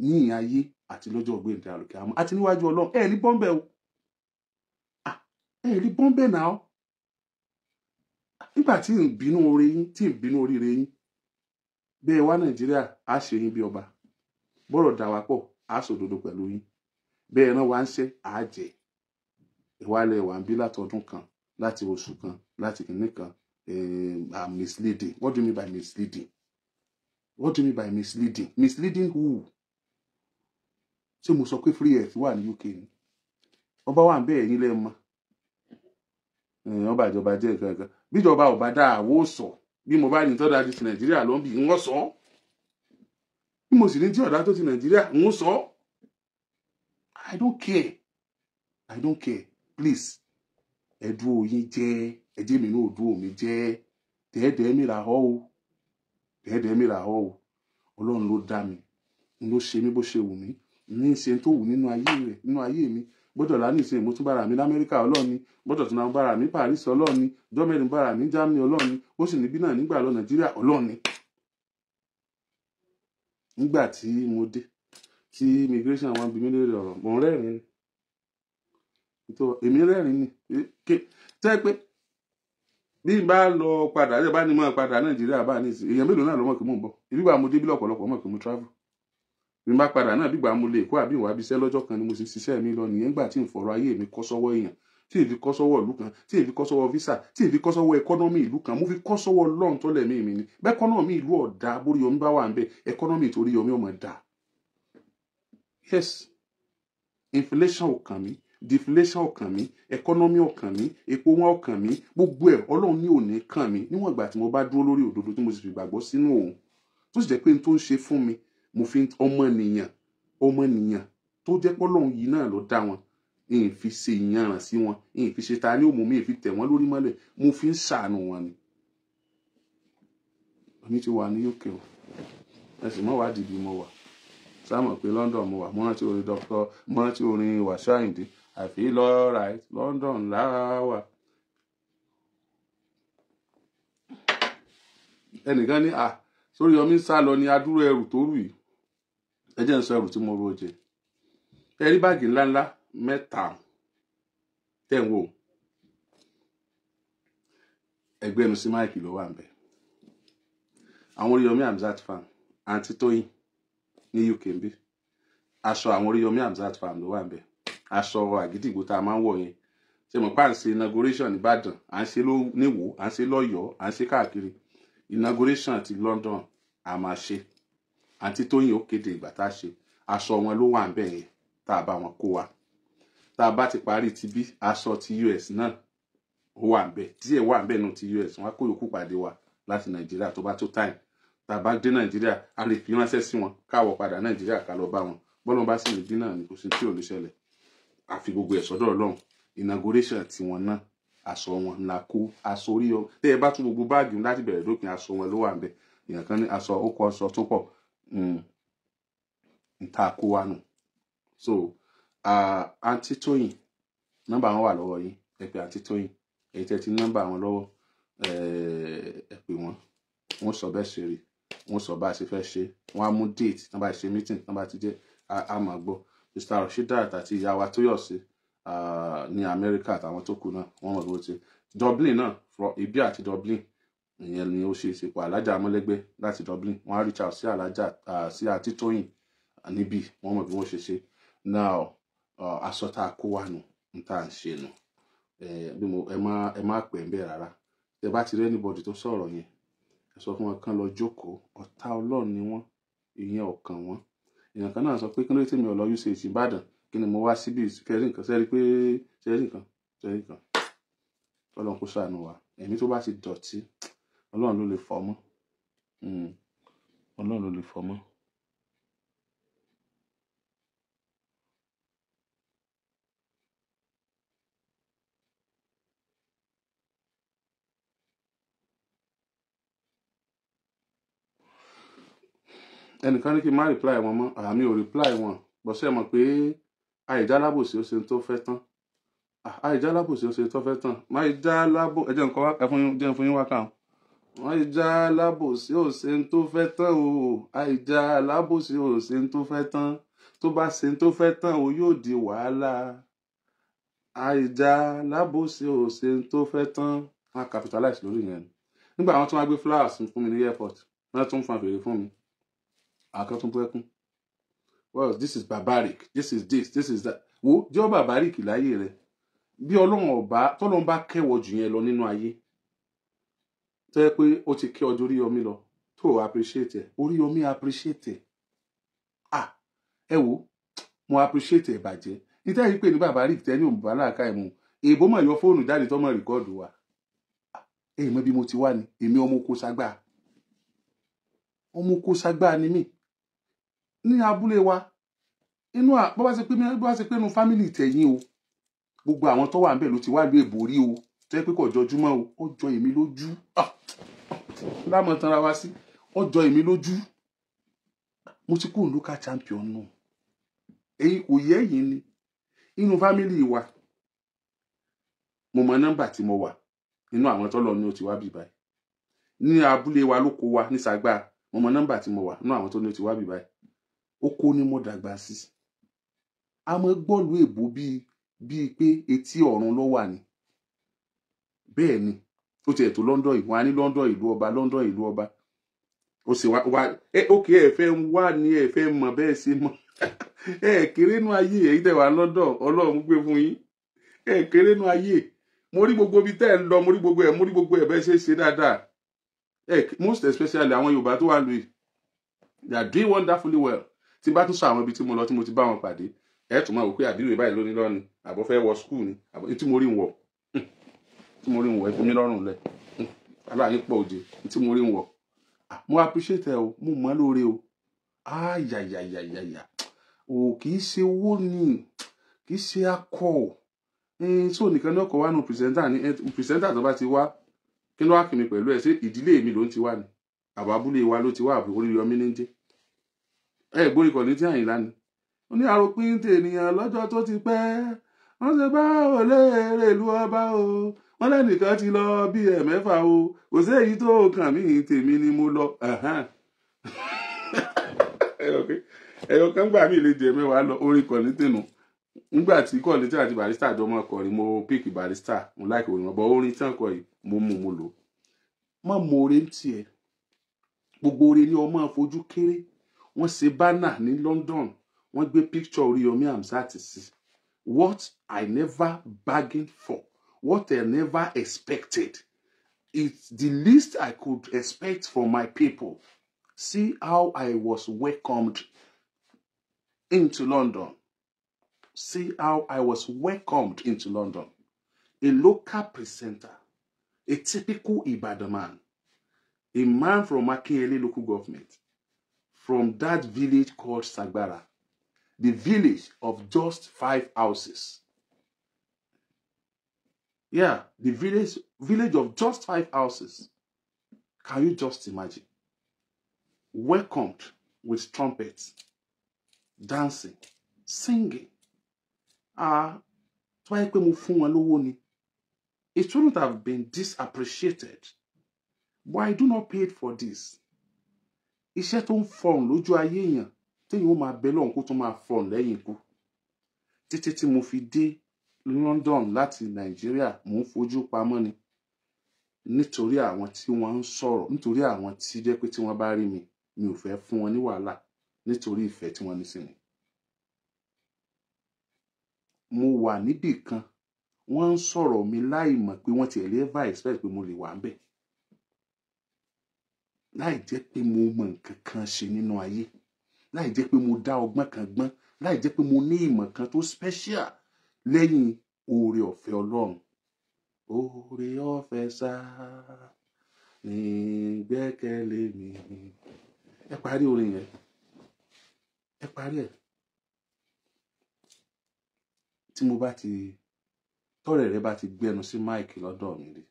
Yín ayé àti lọ́jọ́ ọ̀gbìn ìdàrúkẹ́ àmọ́ àti níwájú Ọlọ́run, ẹ ní bọ́m̀bẹ̀ o. Ah, ẹ ní bọ́m̀bẹ̀ náà nígbà tí ń bínú oore yín tí ń bínú oríire yín bẹ́ẹ̀ wá nàìjíríà á ṣe yín bí ọba bọ́rọ̀ dà wá pọ̀ á sòdodo pẹ̀lú yín bẹ́ẹ̀ náà wá ń ṣe á jẹ ìwálẹ̀ wà ń bí látọdún kan láti oṣù kan láti kìnní kan eh, misleading what do you mean by misleading what do you mean by misleading misleading who ṣé mo sọ pé free health wà ní UK ni ọba wa ń bẹ́ẹ̀ yín lẹ́ẹ̀ ó bàjọba jẹ́ nǹkan bíjọba ò bá dáa àwo sọ bí mo bá ní tọ́da ti nàìjíríà ló ń bì ń sọ bí mo sì ní tí ọ̀dà tó ti nàìjíríà ń sọ i don't care i don't care please ẹ̀dùn jẹ́ mi náà mi ra o mi o mi ló ṣe mí bó ṣe wù mí ní ṣe mi gbọ́dọ̀ lá nìṣe mo tún bára mi lamẹ́ríkà ọlọ́run ni gbọ́dọ̀ tún bára mi paris ọlọ́run ni jọ́mẹ́rin bára mi germany ọlọ́run ni ó sì níbí náà nígbà lọ nàìjíríà ọlọ́run ni. nígbà tí mo dé tí immigration wọn bí mi lórí ọ̀rọ̀ mò ń rẹ́rìn-ín èmi rẹ́rìn-ín ni tẹ́ pé bí n bá lọ padà ẹ bá ní mọ́ padà nàìjíríà bá ní ìsìn èèyàn mélòó náà lọ́mọ̀ kí mò ń bọ̀ ìbí bá mo dé bí lọ́pọ̀lọpọ̀ mọ̀ kí mo travel ní bá padà náà dìgbà mo lè kó àbí ìwà abiṣẹ́ lọ́jọ́ kan ni mo sì ṣiṣẹ́ mi lọ nìyẹn gbà tí n fọ̀rọ̀ ayé mi kọ́ sọ́wọ́ èèyàn tí èmi kọ́ sọ́wọ́ ìlú kan tí èmi kọ́ sọ́wọ́ visa tí èmi kọ́ sọ́wọ́ ẹkọ́nọ́mì ìlú kan mo fi kọ́ sọ́wọ́ lọ́n tọ́lẹ̀ mí mi ni bẹ́kọ́nọ́mì ìlú ọ̀dà borí omi bá wà ń bẹ ẹkọ́nọ́mì torí omi ọmọ dà. yes inflation ò kàn deflation ò kàn mí ẹkọ́nọ́mì ò kàn mí epo wọn ò kàn mí gbogbo ẹ̀ ọlọ́run ní òní kàn mí níwọ̀n ìgbà tí mo bá dúró lórí òdodo tí mo sì fi gbàgbọ́ sínú òun tó sì jẹ́ pé n tó ń ṣe fún mi mo fi ọmọnìyàn ọmọnìyàn tó jẹ́ pọ́lọ́hún yìí náà ló dá wọn èyí fi ṣe ìyànràn sí wọn èyí fi ṣe ta ni òmùmí èyí fi tẹ̀ wọ́n lórí mọ́lẹ̀ mo fi ń ṣàánú wọn ni. èmi ti wà ní UK o ẹsìn mọ́ wá dìbì mo wà sáàmù pé London mo wà mo rántí orin dr mo rántí orin Wasiu Ayinde àfi lọ́ọ́rà London lára ẹnìkan ní à sórí ọmí sá lọ ní adúrò ẹrù tó rù yìí ẹ jẹ́ ń sọ ẹrù tí mo ro jẹ ẹ rí báàgì ńláńlá mẹ́ta tẹ̀ ń wò ẹgbẹ́ ẹnu sí máìkì ló wà ń bẹ̀ àwọn Oríyọmí Hamzat fan àǹtí Tóyìn ní UK ń bí aṣọ àwọn Oríyọmí Hamzat fan ló wà ń bẹ̀ aṣọ àgídìgbò tá a máa ń wọ̀ yẹn ṣe mọ̀ pé inauguration nìbàdàn à ń ṣe níwò à ń ṣe lọ́yọ̀ọ́ à ń ṣe káàkiri inauguration ti London a máa ṣe àǹtí tóyìn ó kéde ìgbà tá a ṣe aṣọ wọn ló wà ń bẹ̀ yẹn tá a bá wọn kó wa tá a bá ti parí ti bí aṣọ ti US náà ó wà ń bẹ̀ díẹ̀ wà ń bẹ̀ nù ti US wọn á kó yòókù pàdé wa láti Nàìjíríà tó bá tó time tá a bá dé Nàìjíríà a lè fi ránṣẹ́ sí wọn káwọ padà Nàìjíríà ká lọ bá wọn bọ́lá wọn bá sì lè dín náà ní kò sí tí ò ní ṣẹlẹ̀ àfi gbogbo ẹ̀ sọ́dọ̀ Ọlọ́run inauguration tiwọn náà aṣọ wọn la kó aṣọ orí ọ tẹ ẹ bá tún gbogbo báàgì láti bẹ̀rẹ̀ dópin aṣọ wọn ló wà ń bẹ̀ èèyàn kan ní aṣọ ó kọ aṣọ tó pọ̀ Mm. nta kó wa nù so àǹtí tóyìn nọ́mbà wọn wà lọ́wọ́ yín ẹ pè àǹtí tóyìn èyí tẹ́ ti nọ́mbà wọn lọ́wọ́ eh, ẹ pè wọ́n wọ́n sọ bẹ́ẹ̀ ṣe rí wọ́n sọ bá a ṣe fẹ́ ṣe wọ́n á mú date tán bá ṣe meeting tán bá ti jẹ́ a máa gbọ́ mr rasheedat àti ìyáwá tóyọ̀sí ah, ní amẹ́ríkà àtàwọn tó kù náà wọ́n mọ̀ bí wọ́n ti dublin náà ibi àti dublin ìyẹn ni ó ṣe é ṣe pé alájà amọ́lẹ́gbẹ́ láti Dublin wọ́n á reach out sí alájà sí àtitóyìn níbí wọ́n mọ̀ bí wọ́n ṣe ṣe now aṣọ tá a kó wà nù n tá à ń ṣe nù ẹ má pè ń bẹ̀ rárá ẹ bá ti rí anybody tó sọ̀rọ̀ yẹn ẹ sọ fún wọn kán lọ jókòó ọ̀tá ọlọ́run ni wọ́n ìyẹn ọ̀kan wọn èèyàn kan náà sọ pé kí ló tèmi ọ̀lọ́ uch ìbàdàn kí ni mo wá síbí fẹ́rí nǹkan sẹ́rí pé sẹ́rí nǹkan sẹ́rí nǹkan ọlọ́run kó ṣàánú wa ẹ̀mí tó bá ti dọ̀tí Ọlọ́run ló lè fọ̀ mọ́. Hmm. Ọlọ́run ló lè fọ̀ mọ́. ẹnìkan ní kí n má reply wọn mọ́ àmì ò reply wọn bọ́sẹ̀ mọ̀ pé àìjálábòsí ó ṣe tó fẹ́ tán ah, àìjálábòsí ó ṣe tó fẹ́ tán má ìjálábò ẹ jẹ́ nǹkan ẹ fún yín wá kàn án wọ́n ìjà alábòsí ò ṣe ń tó fẹ́ tán o àìjà alábòsí ò ṣe ń tó fẹ́ tán tó bá ṣe ń tó fẹ́ tán o yóò di wàhálà àìjà alábòsí ò ṣe ń tó fẹ́ tán wọ́n capitalize lórí yẹn nígbà wọ́n tún wá gbé flowers fún mi ní airport wọ́n tún fa fèrè fún mi àkàtún pẹ́kún well this is barbaric this is this this is that wo jẹ́ ọ́ barbaric láyé rẹ bí ọlọ́run ọba tọ́lọ́run bá kẹwọ́ jù yẹn lọ nínú ayé tó yẹ pé ó ti kí ọjọ́ Oríyọmí lọ tó o appreciate ẹ̀ Oríyọmí appreciate ẹ̀ ah ẹ wo mo appreciate ẹ̀ bàjẹ́ níta yìí pé ní bàbá rí ìtẹ́yìn òun bàálà ká ẹ̀mú èèbó mọ̀ yọ fóònù jáde tọ́mọ rìkọ́ọ̀dù wa èyí mọ̀ bí mo ti wá ni èmi ọmọ oko sagbá ọmọ oko sagbá ni mí ní abúlé wa inú bó bá ṣe pé inú fámìlì tẹ̀yìn o gbogbo àwọn tó wà ń bẹ̀ ló ti wá lu èbórí o tó yẹ pé kò jọjúmọ́ o ó jọ èmi lójú ah! lámọ̀ tanra wá sí ó jọ èmi lójú mo ti kúrò lókà champion nù èyí kò yẹ yìí ni inú fámìlì wa mo mọ nọ́mbà tí mo wà nínú àwọn tọ́lọ ní o ti wá bì báyìí ní abúlé wa ló kó wa ní sàgbà mo mọ nọ́mbà tí mo wà nínú àwọn tó ní o ti wá bì báyìí ó kó ní mo dàgbà sí àmọ́ gbọ́ọ̀lù èbó bíi bíi pé etí ọ̀run ló wà ní bẹ́ẹ̀ ni ó ti ẹ̀tọ́ London yìí wọn á ní London ìlú ọba London ìlú ọba ó sì wá wá ẹ ókè ẹ fẹ́ wá ní ẹ fẹ́ mọ̀ bẹ́ẹ̀ ṣe mọ̀ ẹ kéré nu ayé èyí tẹ́ wà London Ọlọ́run gbé fún yín ẹ kéré nu ayé mo rí gbogbo ibi tẹ́ ẹ lọ mo rí gbogbo ẹ mo rí gbogbo ẹ bẹ́ẹ̀ ṣe ṣe dáadáa ẹ most especially àwọn Yorùbá tó wà lóyè they are doing wonderfully well tí bá tún sọ àwọn ibi tí mo lọ tí mo ti bá wọn pàdé ẹ tún máa wò pé àbí rè báyìí lónìí lọ́ni àbọ̀ fẹ́ wọ skul ni àbọ̀ tí mo rí wọn tí mo rí ń wọ̀ ẹ̀fọ́ mi lọ́rùn lẹ̀ aláàyè pọ̀ òde tí mo rí ń wọ̀ ah, mo appreciate ẹ o mo mọ̀ lóore o ayayayayaya o kì í ṣe owó ni kì í ṣe akọ so nìkan ní ọkọ̀ wa nu pìrìsẹ́ńtà ni pìrìsẹ́ńtà tó bá ti wá kí ló wá kì mí pẹ̀lú ẹ̀ ṣé ìdílé mi ló ń ti wá ni àbábúlé wa ló ti wá àbí orí yọmí ní jẹ́ ẹ gbórí kọ̀ ní tí àyìnlá ni ó ní àròpin tènìyàn lọ́jọ́ tó ti pẹ́ wọ́n ṣe bá òlé èrè ọba o wọ́n lẹ́nìkan ti lọ bí ẹ̀ mẹ́fà o kò sí èyí tó kàn mí tèmi ni mo lọ ẹyọ kan gbà mí lè jẹ mẹ́wàá lọ orin kọ̀ọ̀lì tẹ̀nu nígbà tí kọ̀ọ̀lì tẹ̀ àti barista jọ mọ́ kọrin mo píkì barista mo láìkè orin ọ̀bọ̀ orin tán kọ yìí mo mú mo lò mọ́ mo orin ń tiẹ̀ gbogbo orin ni ọmọ àfojú kéré wọ́n ṣe bánà ní London wọ́n gbé píkṣọ̀ Oríyọmí Hamzat sí what I never bargained for what I never expected. It's the least I could expect from my people. See how I was welcomed into London. See how I was welcomed into London. A local presenter, a typical Ibadan man, a man from Akinyele local government, from that village called Sagbara, the village of just five houses. Yeah, the village village of just five houses. Can you just imagine? Welcomed with trumpets, dancing, singing. Ah, tó bá yẹ pé mo fún wọn lówó ni. It shouldn't have been disappreciated. But I do not pay for this. Iṣẹ́ tó ń fọrùn lójú ayé èèyàn téèyàn ó máa bẹ lọ́hùn kó tó máa fọrùn lẹ́yìn ikú. Títí tí mo fi dé London láti Nàìjíríà mò ń fojú pamọ́ ni nítorí àwọn tí wọ́n ń sọ̀rọ̀ nítorí àwọn tí jẹ́ pé tí wọ́n bá rí mi mi ò fẹ́ fún wọn ní wàhálà nítorí ìfẹ́ tí wọ́n ní sí mi. mo wà níbì kan wọ́n ń sọ̀rọ̀ mi láì mọ̀ pé wọ́n ti ẹ̀lẹ́ ẹ̀fà expect pé mo lè wà ń bẹ̀ láì jẹ́ pé mo mọ nǹkan kan ṣe nínú ayé láì jẹ́ pé mo dá ọgbọ́n kan gbọ́n láì jẹ́ pé mo ní ìmọ̀ kan tó special lẹ́yìn oore ọ̀fẹ́ Ọlọ́run oore ọ̀fẹ́ sá ní gbẹ́kẹ̀lé mi ẹ parí orin yẹn ẹ parí ẹ tí mo bá ti tọrẹ rẹ bá ti gbẹnu sí máìkì lọ́dọ̀ mi rí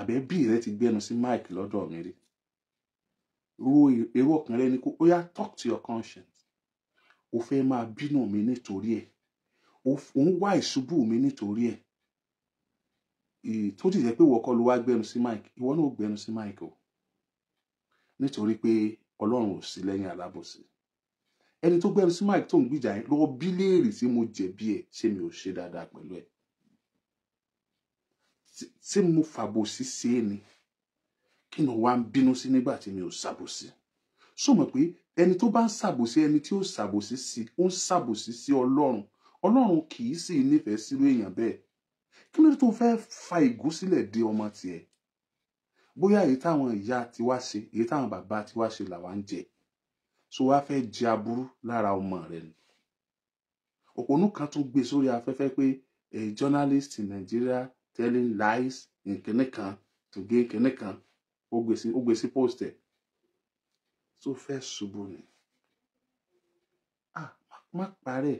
àbẹ̀bí rẹ ti gbẹnu sí máìkì lọ́dọ̀ mi rí ro ọkàn rẹ ni kó ó yá talk to your conscience o fẹ́ máa bínú mi nítorí ẹ̀ o ń wá ìṣubú mi nítorí ẹ̀ tó ti jẹ́ pé ìwọ kọ́ ló wá gbẹnu sí mike ìwọ náà ò gbẹnu sí mike o nítorí pé ọlọ́run ò sí lẹ́yìn alábòsí ẹni tó gbẹnu sí mike tó ń gbìjà yẹn lọ bí léèrè tí mo jẹ̀bi ẹ̀ ṣé mi ò ṣe dáadáa pẹ̀lú ẹ̀ tí mo fàbòsí sí ẹni kí ni wàá bínú sí nígbà tí mi ò ṣàbòsí sọ mọ̀ pé ẹni tó bá ń ṣàbòsí ẹni tí ó ṣàbòsí sí ó ń ṣàbòsí sí ọlọ́run ọlọ́run kì í sì nífẹ̀ẹ́ sírú èèyàn bẹ́ẹ̀ kí ló dé tó fẹ́ fa ìgú sílẹ̀ dé ọmọ tiẹ̀ bóyá èyí táwọn ìyá tiwa ṣe èyí táwọn bàbá tiwa ṣe làwa ń jẹ so wá fẹ́ jẹ aburú lára ọmọ rẹ ni òpònú kan tún gbé sórí afẹ́fẹ́ pé a journalist in Nigeria telling lies nkìnnìkan to gain kìnnìkan ó gbé sí post ẹ̀ tó fẹ́ ṣubú ni. À ah, má parẹ́.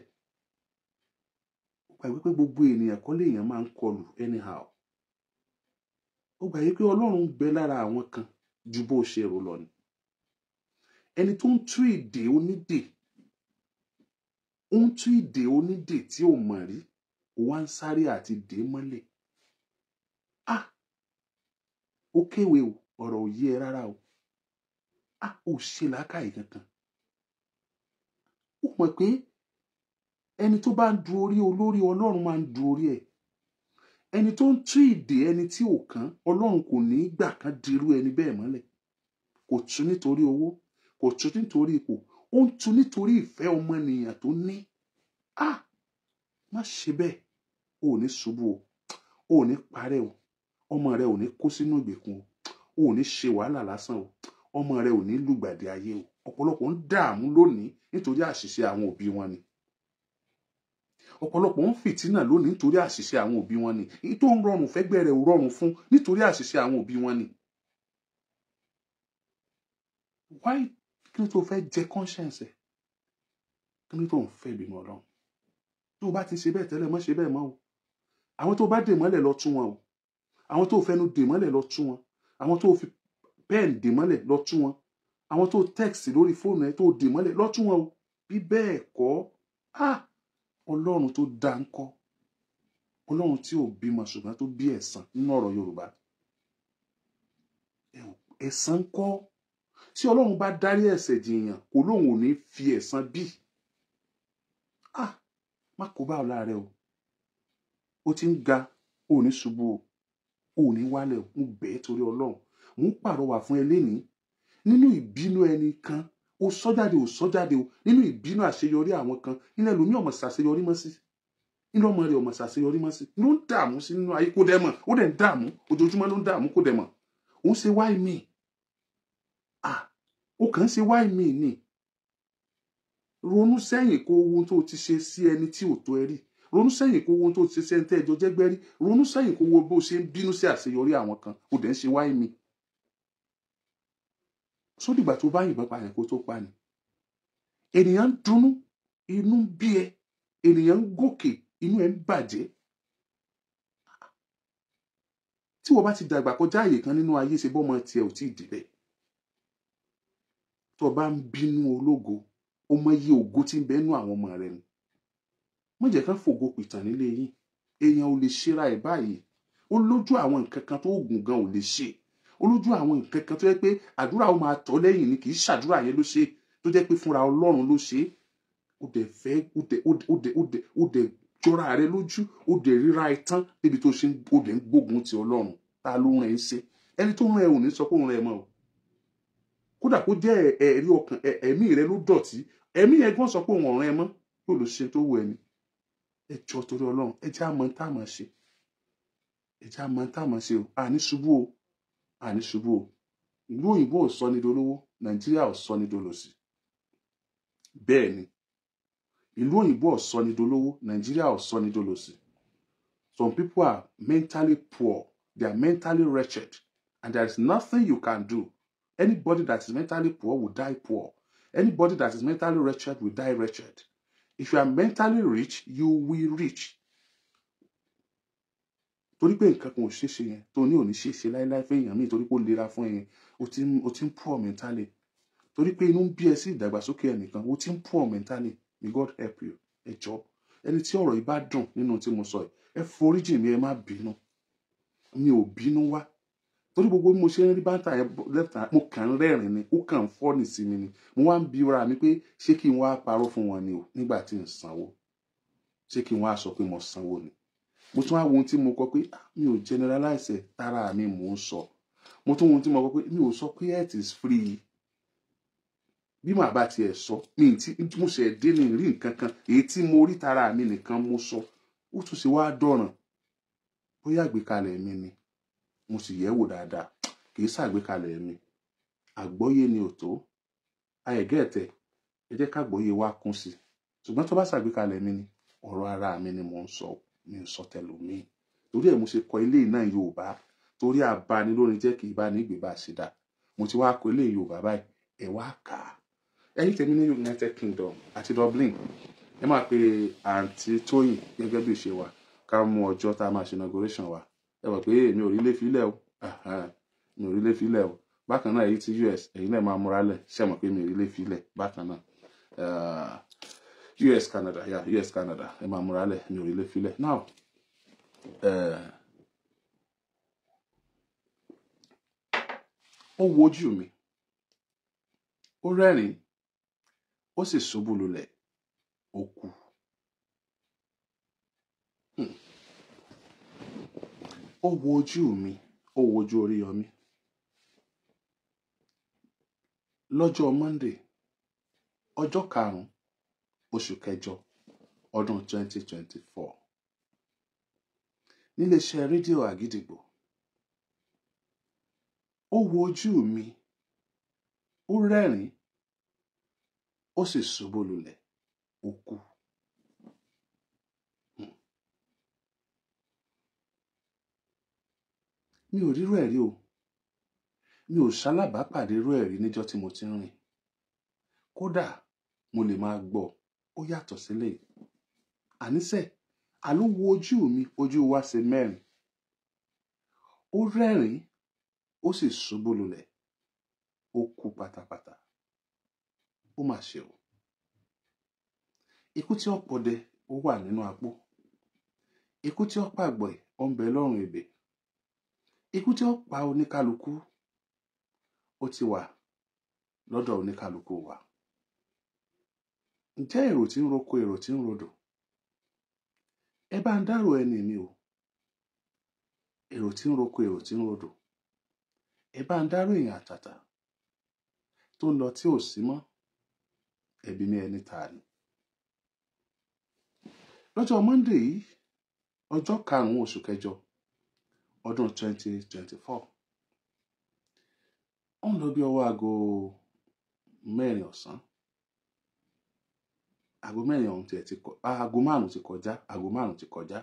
Ó gbà wípé gbogbo ènìyàn kọ́ léèyàn máa ń kọlù anyhow. Ó gbà wípé Ọlọ́run ń bẹ lára àwọn kan ju bó ṣe rò lọ ni. Ẹni tó ń tú ìdè onídè ó ń tú ìdè onídè tí ò mọ̀ rí ó wá ń sáré àti dè mọ́lẹ̀. Ah! Ó kéwèé o, ọ̀rọ̀ ò rárá o a ò ṣe làákàyè kankan ó mọ̀ pé ẹni tó bá ń du orí olórí ọlọ́run máa ń du orí ẹ̀ ẹni tó ń tú ìdè ẹni tí ò kán ọlọ́run kò ní í gbà kan dirú ẹni bẹ́ẹ̀ mọ́lẹ̀ kò tún nítorí owó kò tún nítorí ipò ó ń tún nítorí ìfẹ́ ọmọnìyàn tó ní a má ṣe bẹ́ẹ̀ o ò ní ṣubú o o ò ní parẹ́ o ọmọ rẹ ò ní kó sínú ìgbèkùn o ò ní ṣe wàhálà lásán o ọmọ rẹ ò ní lùgbàdì ayé o ọ̀pọ̀lọpọ̀ ń dààmú lónìí nítorí àṣìṣe àwọn òbí wọn ni ọ̀pọ̀lọpọ̀ ń fìtínà lónìí nítorí àṣìṣe àwọn òbí wọn ni èyí tó ń rọrùn fẹ́gbẹ́ rẹ̀ ò rọrùn fún nítorí àṣìṣe àwọn òbí wọn ni. wáyé kí ló tó fẹ́ jẹ conscience ẹ̀ kí ló tó ń fẹ́ ìbínú ọlọ́run tó o bá ti ṣe bẹ́ẹ̀ tẹ́lẹ̀ mọ́ ṣe bẹ́ẹ̀ mọ́ o àwọn tó o bá dè mọ́lẹ̀ lọ tú wọn o àwọn tó o fẹnu dè mọ́lẹ̀ lọ tú wọn àwọn tó o fi pẹ́ẹ̀n dè mọ́lẹ̀ lọ tú wọn àwọn tó text lórí fóònù ẹ tó dè mọ́lẹ̀ lọ tú wọn o bí bẹ́ẹ̀ kọ́ ah ọlọ́run tó dá ń kọ́ ọlọ́run tí ò bímọ ṣùgbọ́n tó bí ẹ̀san nínú ọ̀rọ̀ yorùbá ẹ̀san kọ́ tí ọlọ́run bá dárí ẹ̀ṣẹ̀ jìyàn kò lóun ò ní fi ẹ̀san bí ah má kó bá ọ̀la rẹ o ó ti ń ga ò ní ṣubú o ò ní wálẹ̀ o ń bẹ́ẹ̀ torí ọlọ́run mo ń pàrọwà fún ẹ lénìí nínú ìbínú ẹni kan ó sọ jáde ó sọ jáde o nínú ìbínú àṣeyọrí àwọn kan nílẹ̀ lómi ọmọ ṣàṣeyọrí mọ́ sí nínú ọmọ rẹ̀ ọmọ ṣàṣeyọrí mọ́ sí ló ń dààmú sí nínú ayé kó dẹ̀ ó dẹ̀ ń dààmú ojoojúmọ́ ló ń dààmú kó dẹ̀ mọ̀ òun ṣe why me ah ó kàn ń ṣe why me ni ronú sẹ́yìn kó ohun tó ti ṣe sí ẹni tí ò tó ẹ rí ronú sẹ́yìn kó ohun tó ti ṣe sí ẹni tẹ́ ẹjọ́ jẹ́gbẹ́ ronú sẹ́yìn kó wo bó ṣe ń bínú sí àṣeyọrí àwọn kan ó dẹ̀ ń ṣe why me sódìgbà tó bá yìnbọn pààyàn kó tó pa ni ènìyàn ń dunnú inú ń bí ẹ ènìyàn ń gòkè inú ẹ ń bàjẹ́ tí wọ́n bá ti dàgbà kọjá àyè kan nínú ayé ṣe bọ́mọ tiẹ̀ ò tí ì débẹ̀ tó bá ń bínú ológo ó mọ iye ògo tí ń bẹ nú àwọn ọmọ rẹ ni má jẹ́ kán fògo pìtàn nílé yín èèyàn ò lè ṣera ẹ̀ báyìí ó lójú àwọn nǹkan kan tó oògùn gan ò lè ṣe olójú àwọn nǹkan kan tó yẹ pé àdúrà ó máa tọ́ lẹ́yìn ni kì í ṣàdúrà yẹn ló ṣe tó jẹ́ pé fúnra ọlọ́run ló ṣe ó dẹ̀ fẹ́ ó dẹ̀ ó dẹ̀ ó dẹ̀ ó dẹ̀ jọra rẹ lójú ó dẹ̀ ríra ìtàn níbi tó ṣe ó dẹ̀ ń gbógun ti ọlọ́run ta ló rẹ̀ ń ṣe ẹni tó rẹ̀ ò ní sọ pé òun rẹ̀ mọ́ o kódà kó jẹ́ ẹ̀rí ọkàn ẹ̀mí rẹ ló dọ̀tí ẹ̀mí yẹn gbọ́n sọ pé òun ọ̀rẹ́ mọ́ yóò lọ ṣe tó wù ẹni ẹ jọ torí ọlọ́run ẹ jẹ́ àmọ́ ń tà mọ́ ṣe ẹ jẹ́ àmọ́ ń tà mọ́ ṣe o àní ṣubú o àní ṣubú o ìlú òyìnbó ò sọ ní dolówó nàìjíríà ò sọ ní dolòṣì bẹ́ẹ̀ ni ìlú òyìnbó ò sọ ní dolówó nàìjíríà ò sọ ní dolòṣì some people are mentally poor they are mentally wretched and there is nothing you can do anybody that is mentally poor will die poor anybody that is mentally wretched will die wretched if you are mentally rich you will rich torí pé nǹkan kan ò ṣeé ṣe yẹn tó ní òní ṣeé ṣe láéláé fún èèyàn míì torí pé ó lera fún ẹ̀yẹn o ti ń o poor mentally torí pé inú ń bí ẹ sí ìdàgbàsókè ẹnìkan o ti ń poor mentally may God help you ẹ jọ ẹni tí ọ̀rọ̀ yìí bá dùn nínú tí mo sọ yìí ẹ foríjì mi ẹ má bínú mi ò bínú wá torí gbogbo bí mo ṣe ń rí bàtà yẹn lẹ́tà mo kàn ń rẹ́rìn ni ó kàn ń fọ́ọ̀nì sí mi ni mo wá ń bi ra mi pé ṣé kí n wá parọ́ fún wọn ni o nígbà tí n sanwó ṣé kí n wá sọ pé mo sanwó ni mo tún wá wo ohun tí mo kọ pé ah, mi ò generalize ẹ̀ tara mi mò ń sọ mo tún ohun tí mo kọ pé mi ò sọ pé health is free bí màá bá tiẹ̀ sọ mi tí mo ṣe dé ní rí nǹkan kan èyí tí mo rí tara mi nìkan mo sọ ó tún ṣe wá dọ̀ràn bóyá àgbékalẹ̀ mi ni mo sì yẹ̀ wò dáadáa kì í ṣàgbékalẹ̀ mi àgbọ́yé ni ò tó àyẹ̀gẹ́ ẹ̀tẹ̀ ẹ jẹ́ kágbọ́yé wa kún sí ṣùgbọ́n tó bá ṣàgbékalẹ̀ mi ni ọ̀rọ̀ ara mi ni mò ń sọ mi ò sọ tẹlòmíì torí ẹ̀ mo ṣe kọ ilé náà yorùbá torí àbáni lórí jẹ́ kì í bá ní ìgbéba ṣe dà mo ti wá kọ ilé yorùbá báyìí ẹ wá kà á ẹ̀yin tèmi ní united kingdom àti dublin ẹ máa pe àǹtí tóyìn gẹ́gẹ́ bí ìṣe wa ká mú ọjọ́ tá a máa ṣe inauguration wa ẹ wọ pé èmi ò rí lé filẹ̀ o mi ò rí lé filẹ̀ o bákan náà èyí ti us èyí náà máa múra lẹ̀ ṣe mọ̀ pé mi ò rí lé filẹ̀ bákan náà. US Canada yeah US Canada Emma murale mi orile file now uh, ó o mi ó o ó sì ṣubú lulẹ̀ o kú o hmm. wo ojú mi o wo ojú Oríyọmí lọ́jọ́ Monday ọjọ́ karùn-ún oṣù kẹjọ ọdún 2024 níléeṣẹ́ rédíò àgídìgbò ó wo ojú mi ó rẹ́rìn ó sì ṣubú lulẹ̀ ó kú. Hmm. mi ò rírú ẹ̀ rí o mi ò ṣalábàápàdé irú ẹ̀ níjọ́ tí mo ti ń rìn kódà mo lè máa gbọ́ ọ ó yàtọ̀ sílẹ̀ àníṣe àló wo ojú mi ojú wa ṣe mẹ́rin ó rẹ́rìn ó sì ṣubú lulẹ̀ ó kú pátápátá ó mà ṣe o ikú tí ọ̀pọ̀dẹ ó wà nínú apó ikú tí ó pa àgbẹ̀ ó ń bẹ lọ́rùn ebè ikú tí ó oníkálukú ó ti wà lọ́dọ̀ oníkálukú wa. ǹjẹ́ èrò tí ń roko èrò tí ń do? ẹ bá n-daro ẹni mi o èrò tí ń roko èrò tí ń do? ẹ bá n-daro èèyàn àtàtà tó ń lọ tí ò sí mọ́ ẹbí ẹni ta ni lọ́jọ́ monde yìí ọjọ́ karùn-ún oṣù kẹjọ ọdún 2024 ó ń lọ bí ọwọ́ aago mẹ́rin ọ̀sán aago mẹ́rin ọ̀hún tiẹ̀ ti kọ aago márùn ti kọjá aago márùn ti kọjá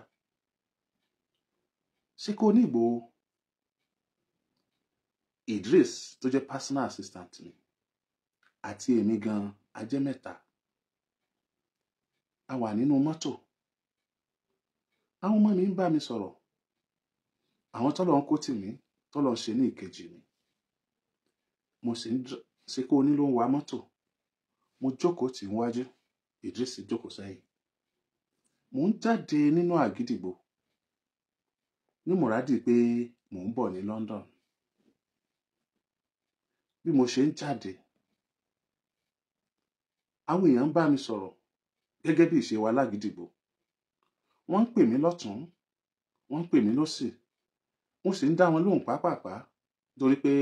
ṣé kò ní Ìgbòho Idris tó jẹ́ personal assistant mi àti èmi gan ajẹ́ mẹ́ta a wà nínú mọ́tò àwọn ọmọ mi ń bá mi sọ̀rọ̀ àwọn tọ́lọ̀ ń kó tì mí tọ́lọ̀ ń ṣe ní ìkejì mi mo sì ń ṣe kó onílò ń wa mọ́tò mo jókòó tì ń wájú. Idris jókòó sẹ́yìn mò ń jáde nínú àgídìgbò ní mùràdì pé mò ń bọ̀ ní London bí mo ṣe ń jáde àwọn èèyàn ń bá mi sọ̀rọ̀ gẹ́gẹ́ bí ìṣe wa lágídìgbò wọ́n ń pè mí lọ́tún wọ́n ń pè mí lọ́sì mo sì ń dá wọn lóhùn pápápá torí pé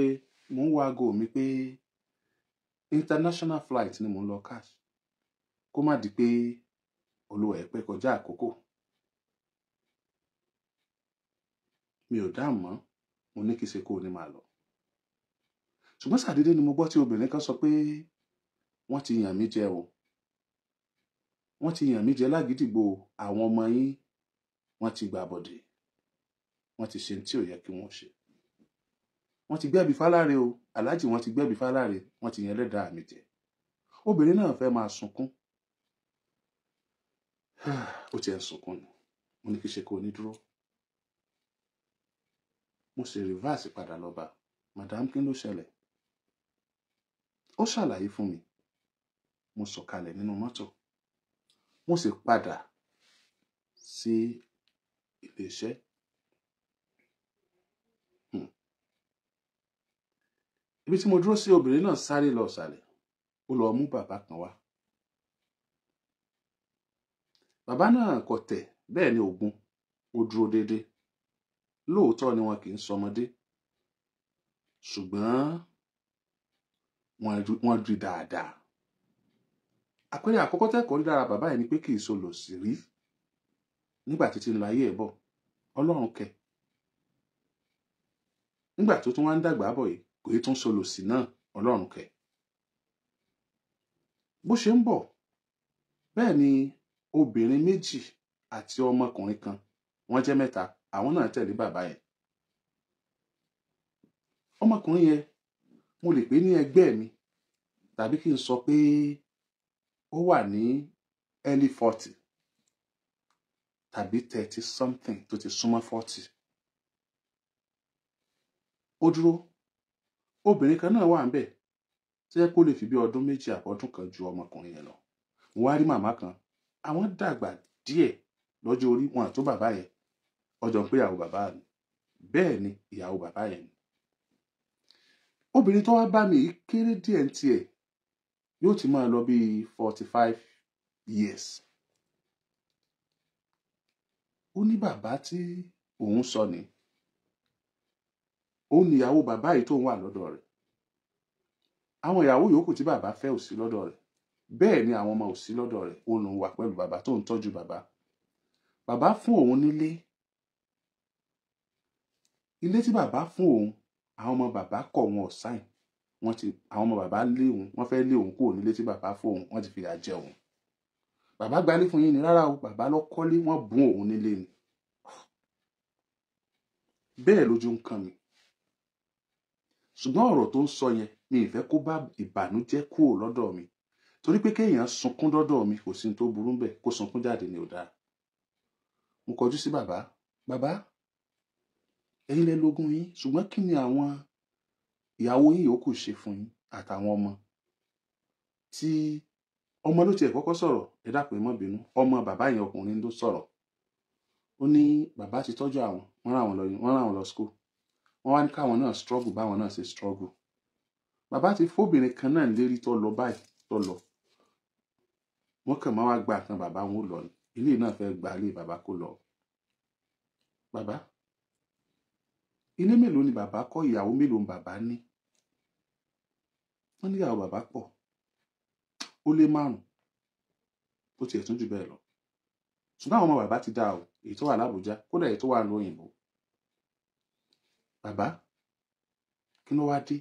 mò ń wo aago mi pé international flight ni mò ń lọ cash kó má di pé olúwa ẹ pẹ́ kọjá àkókò mi ò dáhùn mọ́ mo ní kí ṣe kó o ní máa lọ ṣùgbọ́n ṣàdédé ni mo gbọ́ tí obìnrin kan sọ pé wọ́n ti yàn mí jẹ o wọ́n ti yàn mí jẹ lágídìgbò àwọn ọmọ yín wọ́n ti gbà bọ̀dẹ̀ wọ́n ti ṣe tí ò yẹ kí wọ́n ṣe wọ́n ti gbẹ́bí fáláre o aláàjì wọ́n ti gbẹ́bí fáláre wọ́n ti yàn ẹlẹ́dàá mi jẹ obìnrin náà fẹ́ máa sunkún ó ti ẹ̀ ń sunkún ni mo ní kí ṣe kó ní dúró mo sì rìvásì padà lọ́ba madam kí ló ṣẹlẹ̀ ó ṣàlàyé fún mi mo sọ̀kalẹ̀ nínú mọ́tò mo sì padà sí iléeṣẹ́ hmm. ibi tí mo dúró sí obìnrin náà sáré lọ sàlẹ̀ ó lọ mú bàbá kan wá bàbá náà kò tẹ̀ bẹ́ẹ̀ ni ògún ó dúró déédéé lóòótọ́ ni wọn kì í sọmọdé ṣùgbọ́n wọ́n ju dáadáa àpẹẹrẹ àkọ́kọ́ tẹ́kọ̀ọ́ rí bàbá yẹn ni pé kì í solo sí rí nígbà títí ń lọ ayé ẹ̀ bọ̀ ọlọ́run kẹ nígbà tó tún wá ń dàgbà bọ̀ yìí kò yé tún solo sí náà ọlọ́run kẹ bó ṣe ń bọ̀ bẹ́ẹ̀ ni obìnrin méjì àti ọmọkùnrin kan wọ́n jẹ́ mẹ́ta àwọn náà tẹ̀lé bàbá yẹn ọmọkùnrin yẹn mo lè pè ní ẹgbẹ́ mi tàbí kí n sọ pé ó wà ní early forty tàbí thirty something tó ti súnmọ́ forty ó dúró obìnrin kan náà wà ń bẹ̀ tó yẹ kó lè fi bí ọdún méjì àbọ̀dún kan ju ọmọkùnrin yẹn lọ wọ́n á rí màmá kan àwọn dàgbà díẹ̀ lọ́jọ́ orí wọn àtó bàbá yẹn ọjọ́ ń pé ìyàwó bàbá mi bẹ́ẹ̀ ni ìyàwó bàbá yẹn ni obìnrin tó wá bá mi yìí kéré díẹ̀ ń tiẹ̀ yóò ti máa lọ bíi forty five years ó ní bàbá tí òun sọ ni òun níyàwó bàbá yìí tóun wà lọ́dọ̀ rẹ̀ àwọn ìyàwó yòókù tí bàbá fẹ́ ò sí lọ́dọ̀ bẹ́ẹ̀ ni àwọn ọmọ ò sí lọ́dọ̀ rẹ̀ ó lòun wà pẹ̀lú bàbá tó ń tọ́jú bàbá bàbá fún òun nílé ilé tí bàbá fún òun àwọn ọmọ bàbá kọ̀ wọn ò sáìn wọ́n ti àwọn ọmọ bàbá lé òun wọ́n fẹ́ lé òun kúrò nílé tí bàbá fún òun wọ́n ti fìyà jẹ òun bàbá gbalé fún yín ni rárá o bàbá lọ kọ́lé bùn òun nílé ni bẹ́ẹ̀ lójú ń kan mi ṣùgbọ́n ọ̀rọ̀ tó ń sọ yẹn mi ìfẹ́ kó bá ìbànújẹ́ kúrò lọ́dọ̀ mi torí pé kéèyàn sunkún dọ́dọ̀ mi kò sí tó burú bẹ̀ kó sunkún jáde ni ò dáa mo kọjú sí bàbá bàbá ẹ̀yin lẹ lógún yín ṣùgbọ́n kí ni àwọn ìyàwó yín yòókù ṣe fún yín àtàwọn ọmọ tí ọmọ ló tiẹ̀ kọ́kọ́ sọ̀rọ̀ ẹ dápẹ́ mọ́ bínú ọmọ bàbá yẹn ọkùnrin ló sọ̀rọ̀ ó ní bàbá ti tọ́jú àwọn wọ́n rà wọ́n lọ wọ́n rà wọ́n lọ school wọ́n wá ní káwọn náà struggle báwọn náà ṣe struggle bàbá ti fóbìnrin kan náà lérí tó lọ báyìí tó lọ wọ́n kàn máa wá gba àtàn bàbá wọn lọ ilé náà fẹ́ gba ilé bàbá kó lọ. bàbá ilé mélòó ni bàbá kọ́ ìyàwó mélòó ni bàbá ní wọ́n níyàwó bàbá pọ̀ ó lé márùn ó tiẹ̀ tún jù bẹ́ẹ̀ lọ ṣùgbọ́n àwọn ọmọ bàbá ti dá o èyí tó wà lábújá kódà èyí tó wà lóyìnbó bàbá kí ló wá dé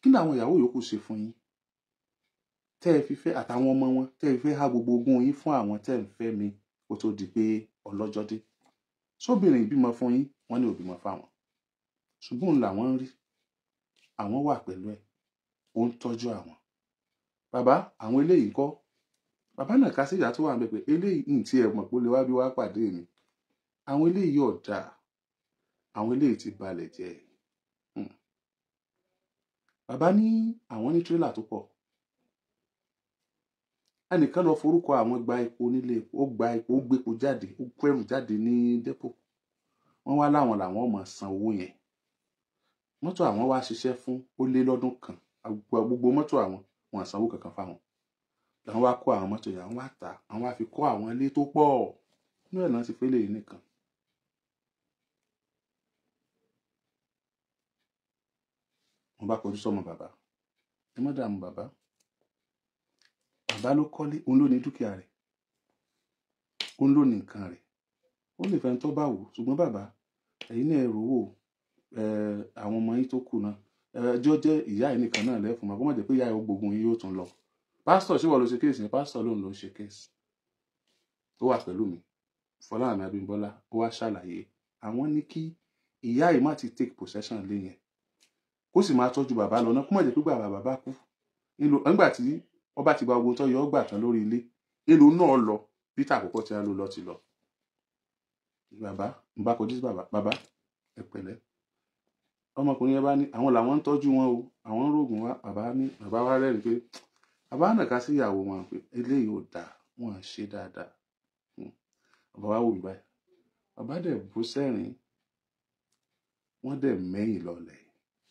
kí ni àwọn ìyàwó yòókù ṣe fún yín tẹ́ ẹ fi fẹ́ àtàwọn ọmọ wọn tẹ́ ẹ fi fẹ́ gbogbo ogún yín fún àwọn tẹ́ ẹ ń fẹ́ mi kó tó di pé ọlọ́jọ́ dé sóbìnrin ìbímọ fún yín wọ́n ní òbímọ fáwọn ṣùgbọ́n làwọn ń rí àwọn wà pẹ̀lú ẹ̀ ó ń tọ́jú àwọn bàbá àwọn eléyìí kọ́ bàbá náà ká síjà tó wà ń bẹ pé eléyìí ń tiẹ̀ mọ̀ pé ó bí wá pàdé mi àwọn eléyìí ọ̀dà àwọn eléyìí ti balẹ̀ jẹ́ hmm. bàbá ní àwọn ní tírélà tó pọ̀ ẹnìkan lọ forúkọ àwọn gba epo nílé epo ó gba epo ó gbépo jáde ó kó ẹrù jáde ní dépò wọ́n wá láwọn làwọn máa san owó yẹn mọ́tò àwọn wá ṣiṣẹ́ fún ó lé lọ́dún kan gbogbo mọ́tò àwọn wọn sanwó kankan fáwọn làwọn wá kó àwọn mọ́tò yẹn àwọn wá tà àwọn wá fi kọ́ àwọn ilé tó pọ̀ inú ẹ̀ náà ti fẹ́lẹ̀ yìí nìkan. wọ́n bá kọjú sọ́mọ bàbá ẹ má dààmú bàbá bàbá ló kọ́lé òun ló ní dúkìá rẹ̀ òun ló ní nǹkan rẹ̀ ó lè fẹ́ tó bá wò ṣùgbọ́n bàbá ẹ̀yin náà ẹ rò wò àwọn ọmọ yín tó kù náà ẹjọ́ jẹ́ ìyá yìí nìkan náà lẹ́fun mọ́ kó má jẹ́ pé ìyá yìí gbógun yín yóò tún lọ pásítọ̀ ṣé wọ́n ló ṣe kéèsì ni pásítọ̀ lòun ló ń ṣe kéèsì ó wà pẹ̀lú mi Fọláhàn Abímbọ́lá ó wá ṣàlàyé àwọn ní kí ìyá yìí má ti take possession lé yẹn kó sì máa tọ́jú bàbá lọ náà kó má jẹ́ pé bàbá bàbá kú nígbà tí wọ́n bá ti gba ogun tó yọ ọ́ gbà tán lórí ilé èlò náà lọ peter àkọ́kọ́ tí a lò lọ ti lọ. bàbá ń bá kọjú sí bàbá bàbá ẹ pẹ̀lẹ́ ọmọkùnrin yẹn bá ní àwọn làwọn ń tọ́jú wọn o àwọn ń rògùn wa bàbá ní bàbá wa rẹ́rìn pé bàbá nàka sí ìyàwó wọn pé eléyìí ò dáa wọn à ṣe dáadáa hmm. bàbá wa wò mí báyìí bàbá dẹ̀ bú sẹ́rìn wọ́n dẹ̀ mẹ́yìn lọ́lẹ̀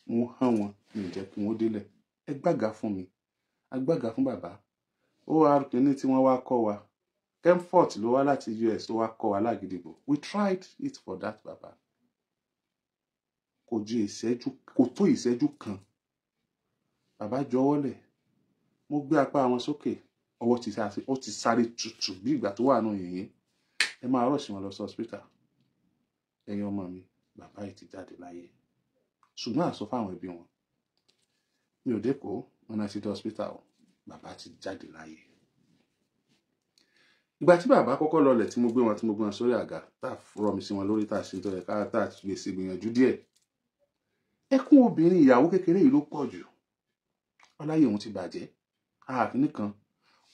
wọ́n hàn wọn mi ò jẹ́ délẹ̀ ẹ gbàgà fún mi agbága fún bàbá OR kìíní tí wọ́n wá kọ́ wa Kempfort ló wá láti US ó wá kọ́ wa lágídìgbò we tried it for that bàbá kò ju ìṣẹ́jú kò tó ìṣẹ́jú kan bàbá jọ̀wọ́lẹ̀ mo gbé apá wọn sókè ọwọ́ ti sáré ó ti sáré tutù bí ìgbà tó wà nù yìnyín ẹ máa rọ̀ṣì wọn lọ sí hospital ẹ̀yin ọmọ mi bàbá yìí ti jáde láyé ṣùgbọ́n àsọ fáwọn ẹbí wọn mi ò dẹ́kọ̀ọ́ wọ́n náà ti dé hospital o bàbá ti jáde láyé ìgbà tí bàbá kọ́kọ́ lọlẹ̀ tí mo gbé wọn tí mo gbé wọn sórí àga tá a rọ mi sí wọn lórí tá a ṣe tó yẹ ká tá a lè ṣe gbìyànjú díẹ̀ ẹkún obìnrin ìyàwó kékeré yìí ló pọ̀ jù ọláyé òun ti bàjẹ́ ààfin nìkan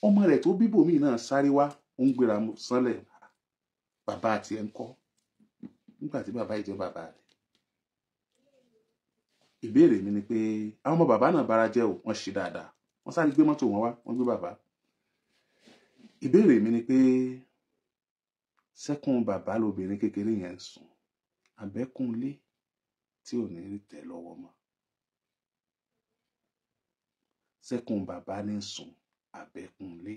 ọmọ rẹ̀ tó bíbò míì náà sáré wá ó ń gbéra sánlẹ̀ bàbá àti ẹ̀ ń kọ́ nígbà tí bàbá ìjẹ́ bàbá rẹ̀ ìbéèrè mi ni pé àwọn ọmọ bàbá náà bára jẹ́ o wọ́n ṣe dáadáa wọ́n sáré gbé mọ́tò wọn wá wọ́n gbé bàbá ìbéèrè mi ni pé sẹ́kùn bàbá lobìnrin kékeré yẹn ń sùn àbẹ́kúnlé tí ò ní rí tẹ̀ lọ́wọ́ mọ́ sẹ́kùn bàbá ní sùn àbẹ́kúnlé.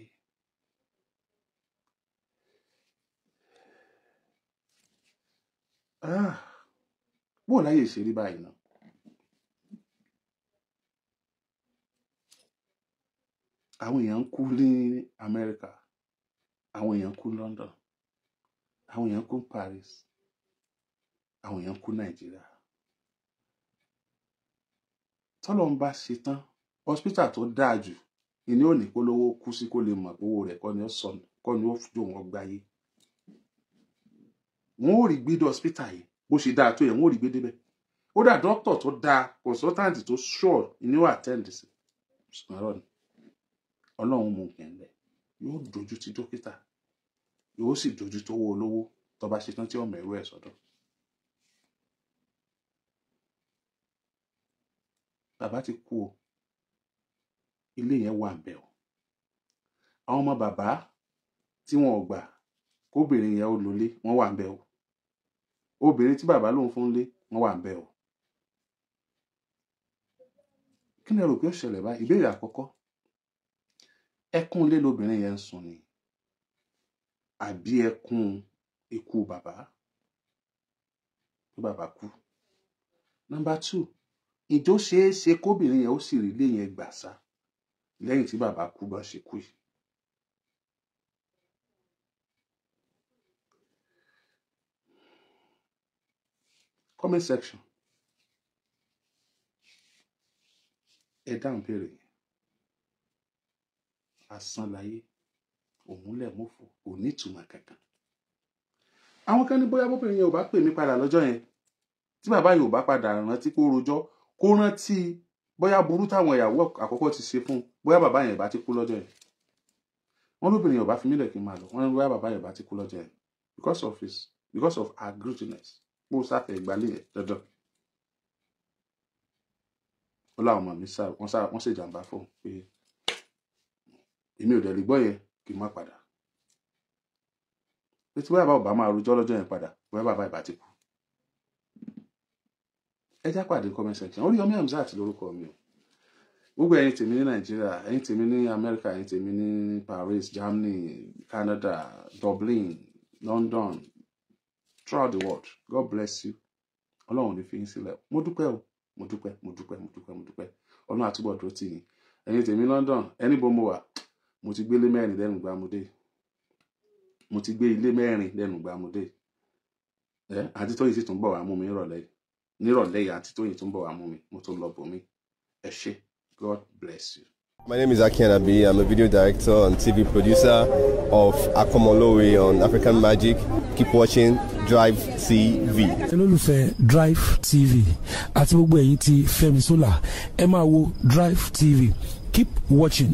Ah, bó láyè ṣe rí báyìí náà àwọn èèyàn ń kú ní Amẹ́ríkà àwọn èèyàn kú London àwọn èèyàn kú Paris àwọn èèyàn ń kú Nàìjíríà tọ́lọ́ ń bá ṣe tán hospital tó dáa jù ìní òní kó lówó kú sí kó lè mọ̀ pé owó rẹ̀ kọ́ ni ó sọnù kọ́ ni ó jò wọ́n gbáyé wọn ò rí gbé dé hospital yìí bó ṣe dáa tó yẹn wọn ò rí gbé débẹ̀ ó dà dókítà tó dáa consultant tó sure ni ó attend sí ṣùgbọ́n ni ọlọ́run mú kàn lẹ̀ yóò dojú ti dókítà yóò sì dojú tó owó olówó tó bá ṣetán tí ọmọ ẹrú ẹ̀ sọ́dọ̀. bàbá ti kú o ilé yẹn wà ń bẹ o àwọn ọmọ bàbá tí wọn ò gbà kóbìnrin yẹn ó lólé wọn wà ń bẹ o obìnrin tí bàbá lòun fún lé wọn wà ń bẹ o kí ni ẹ rò pé ó ṣẹlẹ̀ báyìí ìbéèrè àkọ́kọ́ ẹkún ilé lobìnrin yẹn ń sùn ni àbí ẹkún ikú bàbá tó bàbá kú nọ́mbà two ìjọ ṣeé ṣe kóbìnrin yẹn ó sì rí ilé yẹn gbà sá lẹ́yìn tí bàbá kú bá ṣe kú yìí. comment section ẹ dáhùn béèrè yẹn asán láyé òun lẹ̀ mọ́fò kò ní ìtumọ̀ kankan. àwọn kan ní bóyá bóbìnrin yẹn ò bá pè mí padà lọ́jọ́ yẹn tí bàbá yìí ò bá padà rántí kó rojọ́ kó rántí bóyá burú táwọn ìyàwó àkọ́kọ́ ti ṣe fún bóyá bàbá yẹn ò bá ti kú lọ́jọ́ yẹn wọn lóbìnrin yẹn ò bá fi mílẹ̀ kí n máa lọ wọn ní bóyá bàbá yẹn ò bá ti kú lọ́jọ́ yẹn because of his because of her guiltiness bó sáfẹ́ ìgbàlẹ̀ yẹn dandan ó láwọn ọmọ mi sá wọn ṣèjàmbá fóun pé èmi ò dẹ̀ lè gbọ́ yẹn kí n má padà etí báyà bá ò bá máa rojọ́ lọ́jọ́ yẹn padà bóyá bàbá ìbá ti kú ẹ já pàdé comment section Oríyọmí Hamzat lórúkọ mi o gbogbo ẹ̀yin tèmi ní Nàìjíríà ẹ̀yin tèmi ní Amẹ́ríkà ẹ̀yin tèmi ní Paris Germany Canada Dublin London throughout the world God bless you Ọlọ́run ní fi yín sílẹ̀ mo dúpẹ́ o mo dúpẹ́ mo dúpẹ́ mo dúpẹ́ mo dúpẹ́ Ọlọ́run àtúbọ̀ dúró tì yín ẹ̀yin tèmi London ẹni bó mo wà mo ti gbélé mẹ́rin lẹ́nu gbàmúdé mo ti gbé ilé mẹ́rin lẹ́nu gbàmúdé ẹ àti tóyìn sì tún bọ̀ wá mú mi nírọ̀lẹ́ nírọ̀lẹ́ yìí àti tóyìn tún bọ̀ wá mú mi mo tún lọ bò ẹ ṣé God bless you. My name is Aki Anabi. I'm a video director and TV producer of Akomolowe on African Magic. Keep watching Drive TV. olólùfẹ́ Drive TV àti gbogbo ẹ̀yin tí Fẹ́mi Sola ẹ máa wo Drive TV. Keep watching.